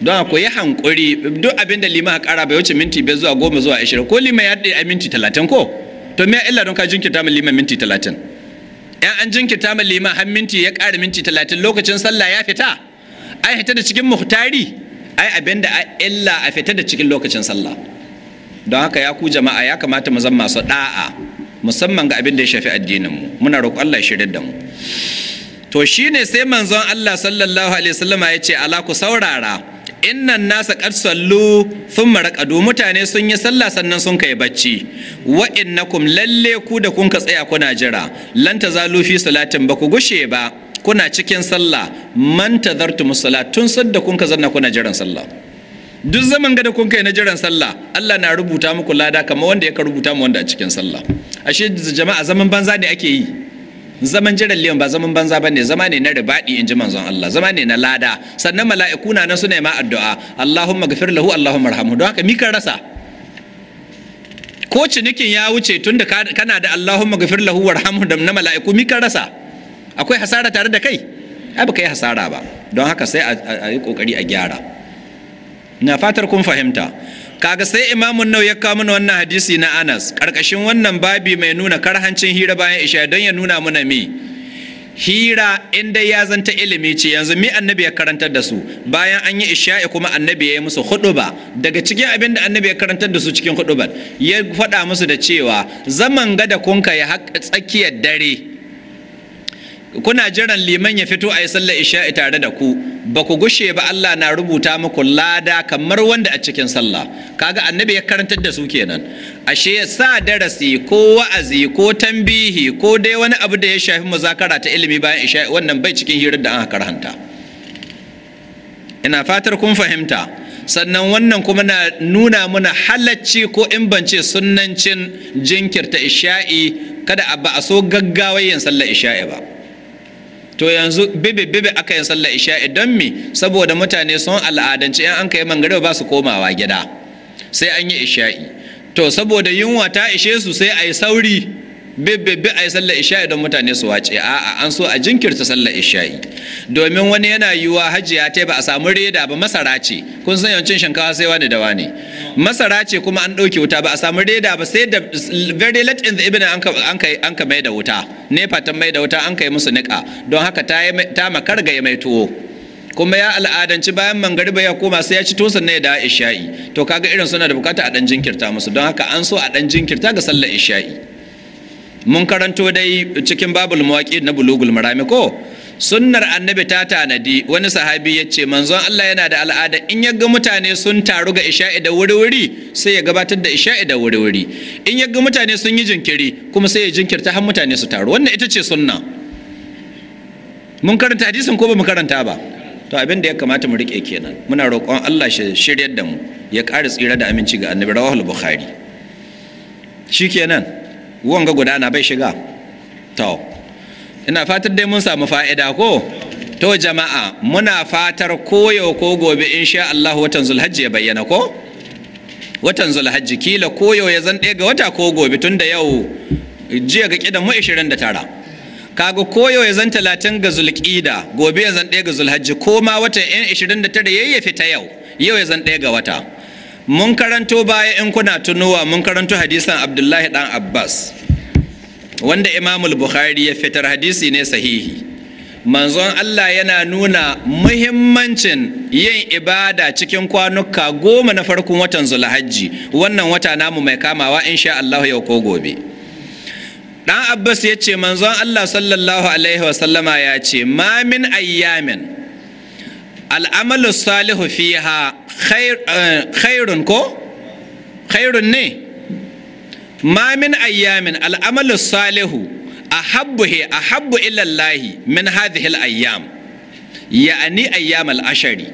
don a koyi hankuri duk abin da lima kara bai wuce minti bai zuwa goma zuwa ashirin ko lima ya daɗe a minti talatin ko to me illa don ka jinkirta min lima minti talatin yan an jinkirta min lima har minti ya ƙara minti talatin lokacin sallah ya fita ai fita da cikin muhtari ai abin da illa a fita da cikin lokacin sallah don haka ya ku jama'a ya kamata mu zama masu da'a musamman ga abin da ya shafi addinin mu muna roƙon Allah ya shirya da mu to shine sai manzon Allah sallallahu alaihi wasallama ya ce ala ku saurara innan nasa qad sallu thumma mutane sun yi sallah sannan sun kai bacci na innakum lalle ku da kun ka tsaya kuna jira lan tazalu fi salatin ba ku gushe ba kuna cikin sallah man zartu musala tun sadda kun ka zanna kuna jiran sallah duk zaman gada kun kai na jiran sallah Allah na rubuta muku lada kamar wanda ya ka rubuta mu wanda a cikin sallah ashe jama'a zaman banza ne ake yi zaman jiran liyan ba zaman banza bane zama ne na ribadi inji manzon Allah zama ne na lada sannan mala'iku na nan suna ma addu'a Allahumma gafir lahu Allahumma arhamhu don haka mika rasa ko cinikin ya wuce tunda kana da Allahumma gafir lahu warhamhu da na mala'iku mika rasa akwai hasara tare da kai ai baka yi hasara ba don haka sai a yi kokari a gyara na fatar kun fahimta kaga sai imamun nau ya kawo mana wannan hadisi na anas karkashin wannan babi mai nuna karhancin hira bayan isha don ya nuna mana mi hira inda ya zanta ilimi ce yanzu mi annabi ya karantar da su bayan an yi isha'i kuma annabi ya yi musu huduba daga cikin abin da annabi ya karantar da su cikin hudubar ya faɗa musu da cewa zaman gada kunka ya tsakiyar dare kuna jiran liman ya fito a yi sallar isha'i tare da ku ba ku gushe ba Allah na rubuta muku lada kamar wanda a cikin sallah kaga annabi ya karantar da su kenan ashe ya sa darasi ko wa'azi ko tambihi ko dai wani abu da ya shafi muzakara ta ilimi bayan isha'i wannan bai cikin hirar da aka karanta ina fatar kun fahimta sannan wannan kuma na nuna mana halacci ko in ban bance sunnancin jinkirta isha'i kada a ba a so gaggawa yin sallar isha'i ba to yanzu bibi bibi aka yin sallar isha'i don me saboda mutane sun al'adanci in an kai mangare ba su komawa gida sai an yi isha'i to saboda yunwa ta ishe su sai a yi sauri bibbi a yi sallar isha'i don mutane su wace a an so a jinkirta sallar isha'i domin wani yana yiwuwa hajiya ta ba a samu reda ba masara ce kun san yawancin shinkawa sai wani da wani masara ce kuma an ɗauke wuta ba a samu reda ba sai da very late in the evening an ka mai da wuta nefa ta mai da wuta an kai musu niƙa don haka ta makar ga mai tuwo kuma ya al'adanci bayan mangariba ya koma sai ya ci tosan ne da isha'i to kaga irin suna da bukata a dan jinkirta musu don haka an so a dan jinkirta ga sallar isha'i mun karanto dai cikin babul mawaƙi na bulugul marami ko sunnar annabi ta tanadi wani sahabi ya ce manzon Allah yana da al'ada in ya ga mutane sun taru ga isha'i da wuri-wuri sai ya gabatar da isha'i da wuri-wuri in ya ga mutane sun yi jinkiri kuma sai ya jinkirta har mutane su taru wannan ita ce sunna mun karanta hadisin ko ba mu karanta ba to abin da ya kamata mu rike kenan muna roƙon Allah shi shiryar da mu ya ƙara tsira da aminci ga annabi rawahul bukhari shikenan wanga gudana bai shiga to ina fatar dai mun samu fa'ida ko to jama'a muna fatar koyo ko gobe insha Allah watan zulhajji ya bayyana ko watan zulhajji kila koyo ya zan ɗaya ga wata ko gobe tun da yau jiya ga kidan mu 29 kaga koyo ya zan 30 ga zulqida gobe ya zan ɗaya ga zulhajji ko ma wata 29 yayye fita yau yau ya zan ɗaya ga wata mun karanto baya in kuna tunowa mun karanto hadisan abdullahi dan abbas wanda imamul bukhari ya fitar hadisi ne sahihi manzon allah yana nuna muhimmancin yin ibada cikin kwanuka goma na farkon watan zulhajji wannan wata namu mai kamawa insha allah yau ko gobe dan abbas ya ce manzon allah sallallahu alaihi wasallama ya ce mamin ayyamin al'amalu salihu fiha eh, khairun ko ne ma min ayyamin al'amalu salihu a habbuhe a habbu ilallahi min hadhihi al'ayyam ya'ani ayyam al'ashari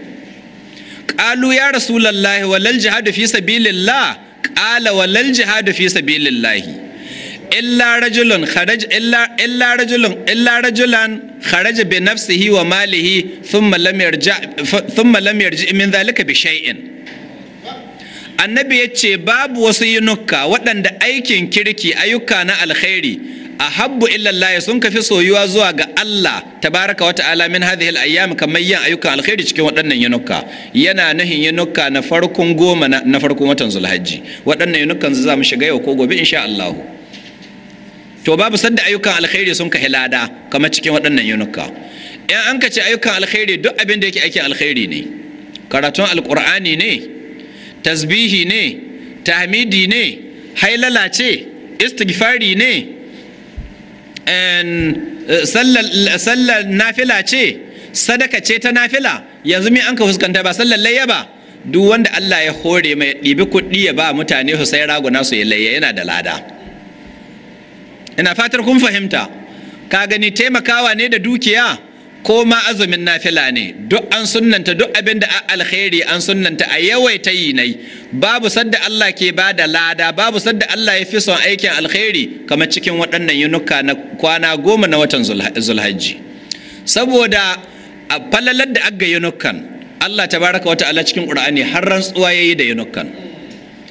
qalu ya rasulallahi walal jihadu fi sabilillah qala walal jihadu fi sabilillahi illa rajulun kharaj illa illa rajulun illa rajulan bi nafsihi wa malihi thumma lam yarji thumma min zalika bi shay'in annabi ya ce babu wasu yinukka waɗanda aikin kirki ayyuka na alkhairi a habbu illallah sun kafi soyuwa zuwa ga Allah tabaraka wa ta'ala min hadhihi al-ayyam kamar yin ayyukan alkhairi cikin waɗannan yinukka yana nahin yinukka na farkon goma na farkon watan zulhajji waɗannan yinukkan za mu shiga yau ko gobe insha Allah to babu sanda ayyukan alkhairi sun kahi lada kamar cikin waɗannan yunuka in an ka ayyukan alkhairi duk abin da yake ake alkhairi ne karatun alkur'ani ne tasbihi ne tahmidi ne hailala ce istighfari ne eh, sallar nafila ce sadaka ce ta nafila yanzu me an ka fuskanta ba sallar layya ba duk wanda Allah ya hore mai ɗibi kuɗi ya ba mutane su sai raguna su yi layya yana da lada ina fatar kun fahimta ka gani taimakawa ne da dukiya ko ma azumin nafila ne duk an sunnanta duk abin da alkhairi an sunnanta a yawaita yi nai babu sadda Allah ke ba da lada babu sadda Allah ya fi son aikin alkhairi kamar cikin waɗannan yunuka na kwana goma na watan zulhaji. saboda a falalar da aga yunukan Allah ta baraka wata ala cikin Qur'ani har rantsuwa yi da yunukan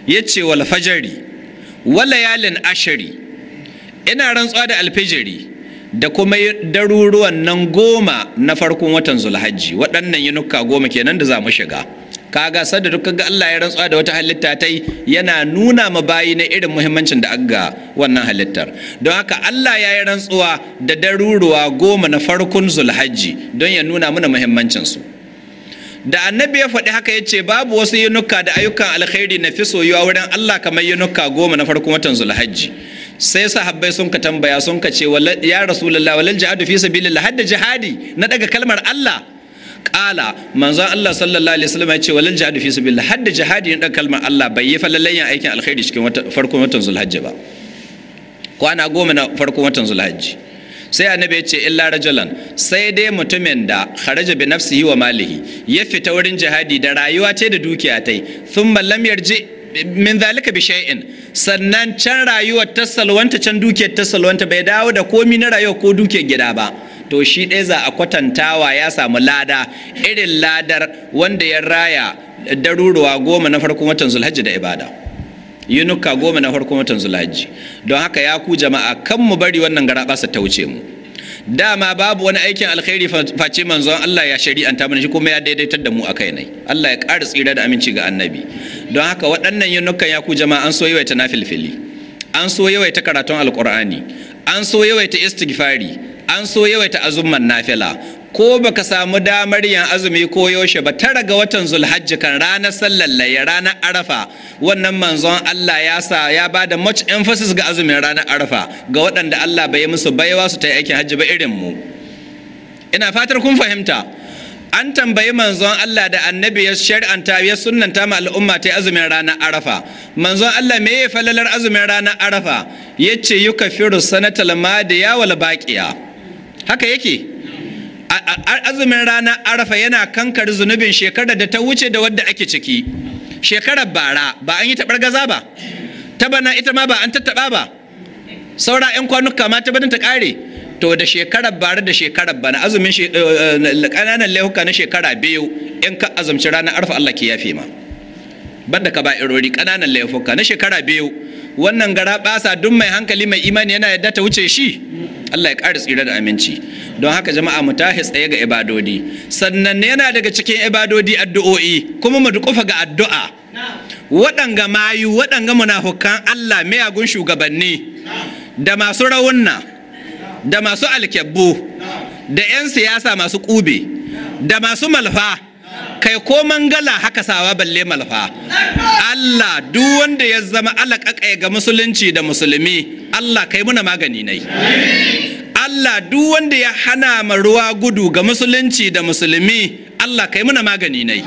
yace wal fajari wal layalin ina rantsuwa da alfijiri da kuma daruruwan nan goma na farkon watan zulhajji waɗannan yinuka goma kenan da za mu shiga kaga sadda duk ga Allah ya rantsuwa da wata halitta tai yana nuna ma bayi na irin muhimmancin da aga wannan halittar don haka Allah ya yi rantsuwa da daruruwa goma na farkon zulhajji don ya nuna mana muhimmancin su da annabi ya faɗi haka ya ce babu wasu yinuka da ayyukan alkhairi na fi soyuwa wurin Allah kamar yinuka goma na farkon watan zulhajji sai sa habbai sun ka tambaya sun ka ce ya rasulullah walal jihadu fi sabilillah hadda jihadi na daga kalmar Allah kala manzon Allah sallallahu alaihi wasallam ya ce walal jihadu fi sabilillah hadda jihadi na daga kalmar Allah bai yi falallan yin aikin alkhairi cikin farkon watan Zulhajji ba kwana goma na farkon watan Zulhajji sai annabi ya ce illa rajulan sai dai mutumin da kharaja bi nafsihi wa malihi ya fita wurin jihadi da rayuwa ta da dukiya ta thumma lam yarji min zalika bi shay'in sannan can rayuwar ta salwanta can dukiyar ta salwanta bai dawo da komi na rayuwa ko dukiyar gida ba to shi ɗaya za a kwatantawa ya samu lada irin ladar wanda ya raya daruruwa goma na farkon watan zulhajji da ibada yunuka goma na farkon watan zulhajji don haka ya ku jama'a kan mu bari wannan garaba ta wuce mu dama babu wani aikin alkhairi face manzon Allah ya shari'anta mana shi kuma ya daidaitar da mu a kai ne Allah ya ƙara tsira da aminci ga annabi don haka waɗannan yunukan ya ku jama'a an so yawaita nafilfili an so yawaita karatun alkur'ani an so yawaita istighfari an so yawaita azumman nafila ko baka samu damar yin azumi ko yaushe ba tara ga watan zulhajji kan ranar sallar laye ranar arafa wannan manzon Allah ya sa ya ba da much emphasis ga azumin ranar arafa ga waɗanda Allah bai musu baiwa su ta yi aikin hajji ba irin mu ina fatar kun fahimta an tambayi manzon Allah da annabi ya shar'anta ya sunnanta ma al'umma ta azumin ranar arafa manzon Allah me ya falalar azumin ranar arafa ya ce yi kafiru sanatal madiya wal baqiya haka yake azumin ranar arafa yana kankar zunubin shekarar da ta wuce da wadda ake ciki shekarar bara ba an yi taɓar gaza ba ta bana ita ma ba an tattaɓa ba saura 'yan kwanuka ma ta ta ƙare to da shekarar bare da shekarar bana azumin eh, eh, ƙananan laifuka na shekara biyu in ka azumci ranar arfa Allah ke yafe ma banda ka ba irori ƙananan laifuka na shekara biyu wannan gara basa duk mai hankali mai imani yana yadda ta wuce shi Allah ya ƙara tsira da aminci don haka jama'a mu tahi tsaye ga ibadodi sannan yana daga cikin ibadodi addu'o'i kuma mu duƙufa ga addu'a waɗanga mayu waɗanga munafukan Allah miyagun shugabanni da masu rawunna da masu alkyabbu da 'yan siyasa masu kube da masu malfa kai ko mangala haka sawa balle malfa Allah duk wanda ya zama alaƙaƙa ga musulunci da musulmi Allah kai muna magani ne. Allah duk wanda ya hana ma ruwa gudu ga musulunci da musulmi Allah kai muna magani ne.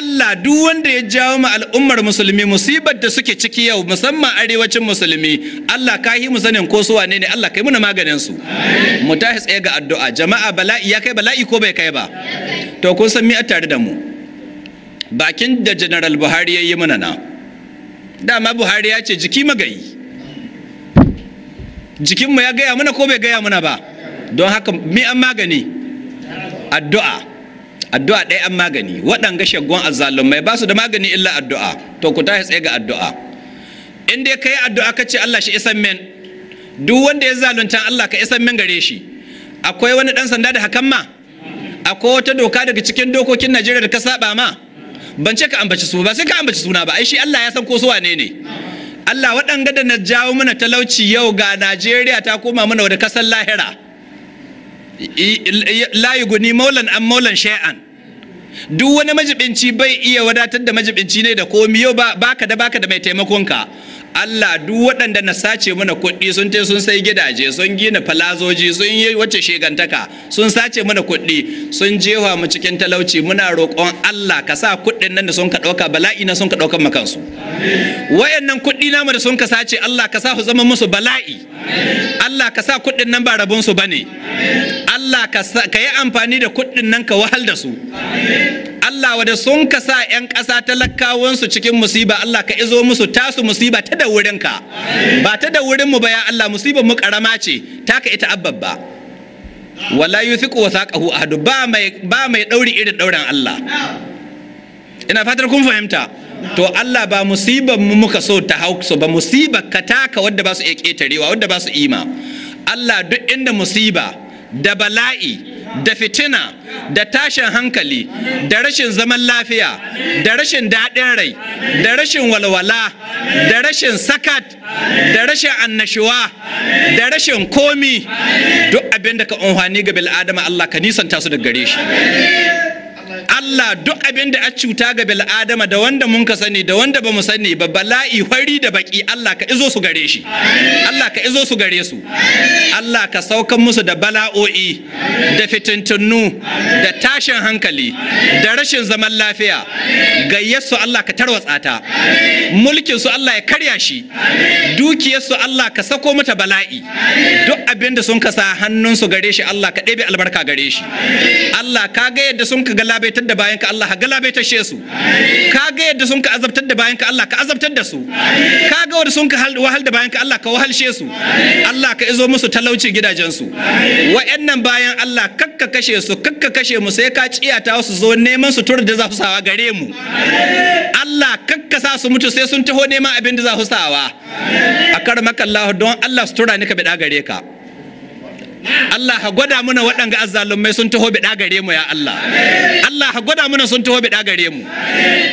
Allah duk wanda ya jawo ma al'ummar musulmi musibar da suke ciki yau musamman arewacin musulmi Allah ka yi mu ko suwa ne Allah kai muna maganin su mu tashi tsaye ga addu'a jama'a bala'i ya kai bala'i ko bai kai ba to kun san mi a tare da mu bakin da General Buhari ya yi mana na dama Buhari ya ce jiki magayi jikinmu ya gaya muna ko bai gaya muna ba don haka mi an magani addu'a addu'a ɗaya an magani waɗanga shaggon azzalumai ba su da magani illa addu'a to ku tashi tsaye ga addu'a in dai kai addu'a ka ce Allah shi isan men duk wanda ya zalunta Allah ka isan men gare shi akwai wani ɗan sanda da hakan ma akwai wata doka daga cikin dokokin Najeriya da ka saba ma ban ce ka ambaci su ba sai ka ambaci suna ba ai shi Allah ya san ko su wane ne Allah waɗanga da na jawo mana talauci yau ga Najeriya ta koma mana da kasan lahira la guni maulan an maulan shay'an duk wani majibinci bai iya wadatar da majibinci ne da komi yau ba ka da baka da mai taimakonka Allah duk waɗanda na sace mana kuɗi sun te sun sai gidaje sun gina falazoji sun yi wacce shegantaka sun sace mana kuɗi sun jewa mu cikin talauci muna roƙon Allah ka sa kuɗin nan da sun ka ɗauka bala'i na sun ka ɗaukan makansu wayannan kuɗi mu da sun ka sace Allah ka sa su zama musu bala'i Allah ka sa kuɗin nan ba rabon su bane Allah ka yi amfani da kuɗin nan ka wahal da su Allah wada sun ka sa 'yan ƙasa talakawansu cikin musiba Allah ka izo musu tasu musiba ta da wurinka ba ta da wurinmu ba ya Allah musibar mu karama ce taka ita abbabba wala yuthiqu wasaqahu ahadu ba mai ba mai dauri irin dauran Allah ina fatar kun fahimta to Allah ba musibar mu muka so ta hauso ba musibar ka taka wadda ba su iya ketarewa wadda ba su ima Allah duk inda musiba da bala'i da fitina da tashin hankali da rashin zaman lafiya da rashin daɗin rai da rashin walwala da rashin sakat da rashin annashuwa da rashin komi duk abin da ka unhwani ga bil'adama Allah ka nisanta su daga gare shi Allah duk abin da a cuta ga bil'adama da wanda mun ka sani da wanda ba mu sani ba bala'i wari da baki Allah ka izo su gare shi Allah ka izo su gare su Allah ka saukan musu da bala'o'i da fitintunnu da tashin hankali da rashin zaman lafiya gayyarsu Allah ka tarwatsa ta mulkin su Allah ya karya shi dukiyarsu Allah ka sako mata bala'i duk abin da sun kasa hannunsu gare shi Allah ka ɗebe albarka gare shi Allah ka ga yadda sun ka ga labai azabtar da bayanka Allah ka galabaitashe su ka ga yadda sun ka azabtar da bayanka Allah ka azabtar da su ka ga wanda sun ka wahal da bayanka Allah ka wahalshe su Allah ka izo musu talauci gidajen su wa'annan bayan Allah kakka kashe su kakka kashe mu sai ka ciyata su zo neman su tura da za su sawa gare mu Allah kakka sa su mutu sai sun taho neman abin da za su sawa a kar makallahu don Allah su tura ni ka bida gare ka Allah ha gwada muna waɗanga azzalumai sun taho biɗa gare mu ya Allah Allah ha gwada muna sun taho biɗa gare mu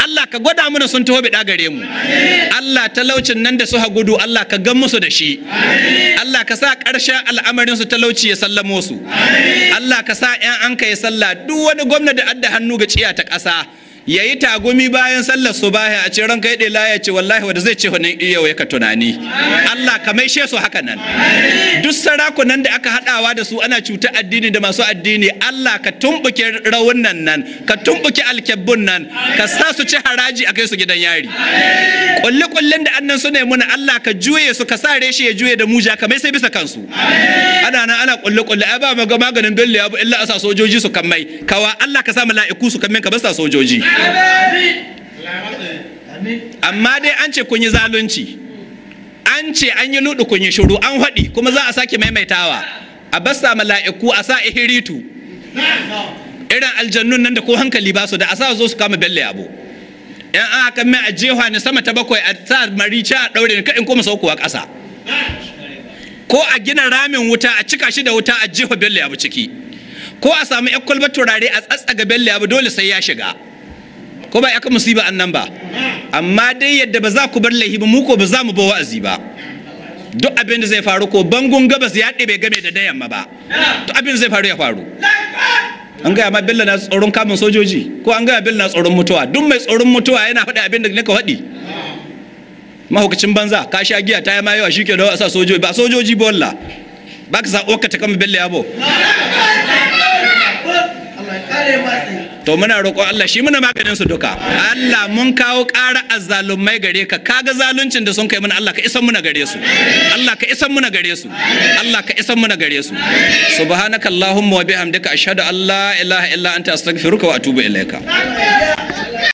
Allah ka gwada muna sun taho biɗa gare mu Allah talaucin nan da su ha gudu Allah ka gan musu da shi Allah ka sa ƙarshen al'amarin su talauci ya sallamo su Allah ka sa 'yan an ka ya sallah duk wani gwamna da adda hannu ga ciya ta ƙasa ya yi tagumi bayan sallar subahi a ciran kai ɗela ya ce wallahi wanda zai ce wani yau ka tunani Allah ka maishe su haka nan duk sarakunan da aka haɗawa da su ana cuta addini da masu addini Allah ka tumɓuke rawunan nan ka tumɓuke alkebbun nan ka sa su ci haraji a kai su gidan yari kulli kullin da annan su ne muna Allah ka juye su ka sa reshe ya juye da muja ka mai sai bisa kansu ana nan ana kulli kulli ai ba maganin bello ya bu illa a sa sojoji su kammai kawa Allah ka sa mala'iku su kammai ka basa sojoji amma dai an ce kun yi zalunci an ce an yi ludu kun yi shuru an haɗi kuma za a sake maimaitawa a basa mala'iku a sa ihiritu irin aljannun nan da ko hankali ba su da a sa zo su kama belle abu yan an haka mai a jefa ni sama ta bakwai a sa marici a ɗaure ne kaɗin kuma saukowa ƙasa ko a gina ramin wuta a cika shi da wuta a jefa belle abu ciki ko a samu yan kwalbar turare a tsatsaga belle abu dole sai ya shiga ko ba aka musiba an annan ba amma dai yadda ba za ku bar laihi ba mu ko ba za mu ba wa'azi ba duk abin da zai faru ko bangun gabas ya ɗebe game da dayan ma ba duk abin zai faru ya faru an gaya ma billa na tsoron kamun sojoji ko an gaya billa na tsoron mutuwa duk mai tsoron mutuwa yana faɗi abin da nika faɗi mahaukacin banza ka sha giya ta yi ma yawa shike da wasa sojoji ba sojoji ba wallah ba ka sa ka ta kama billa ya bo to muna roƙon Allah shi muna maganin su duka Allah mun kawo ƙara azzalumai gare ka kaga zaluncin da sun kai mana Allah ka isan muna gare su Allah ka isan muna gare su Allah ka isan muna gare su subhanaka allahumma wa bihamdika ashhadu an la ilaha illa anta astaghfiruka wa atubu ilaika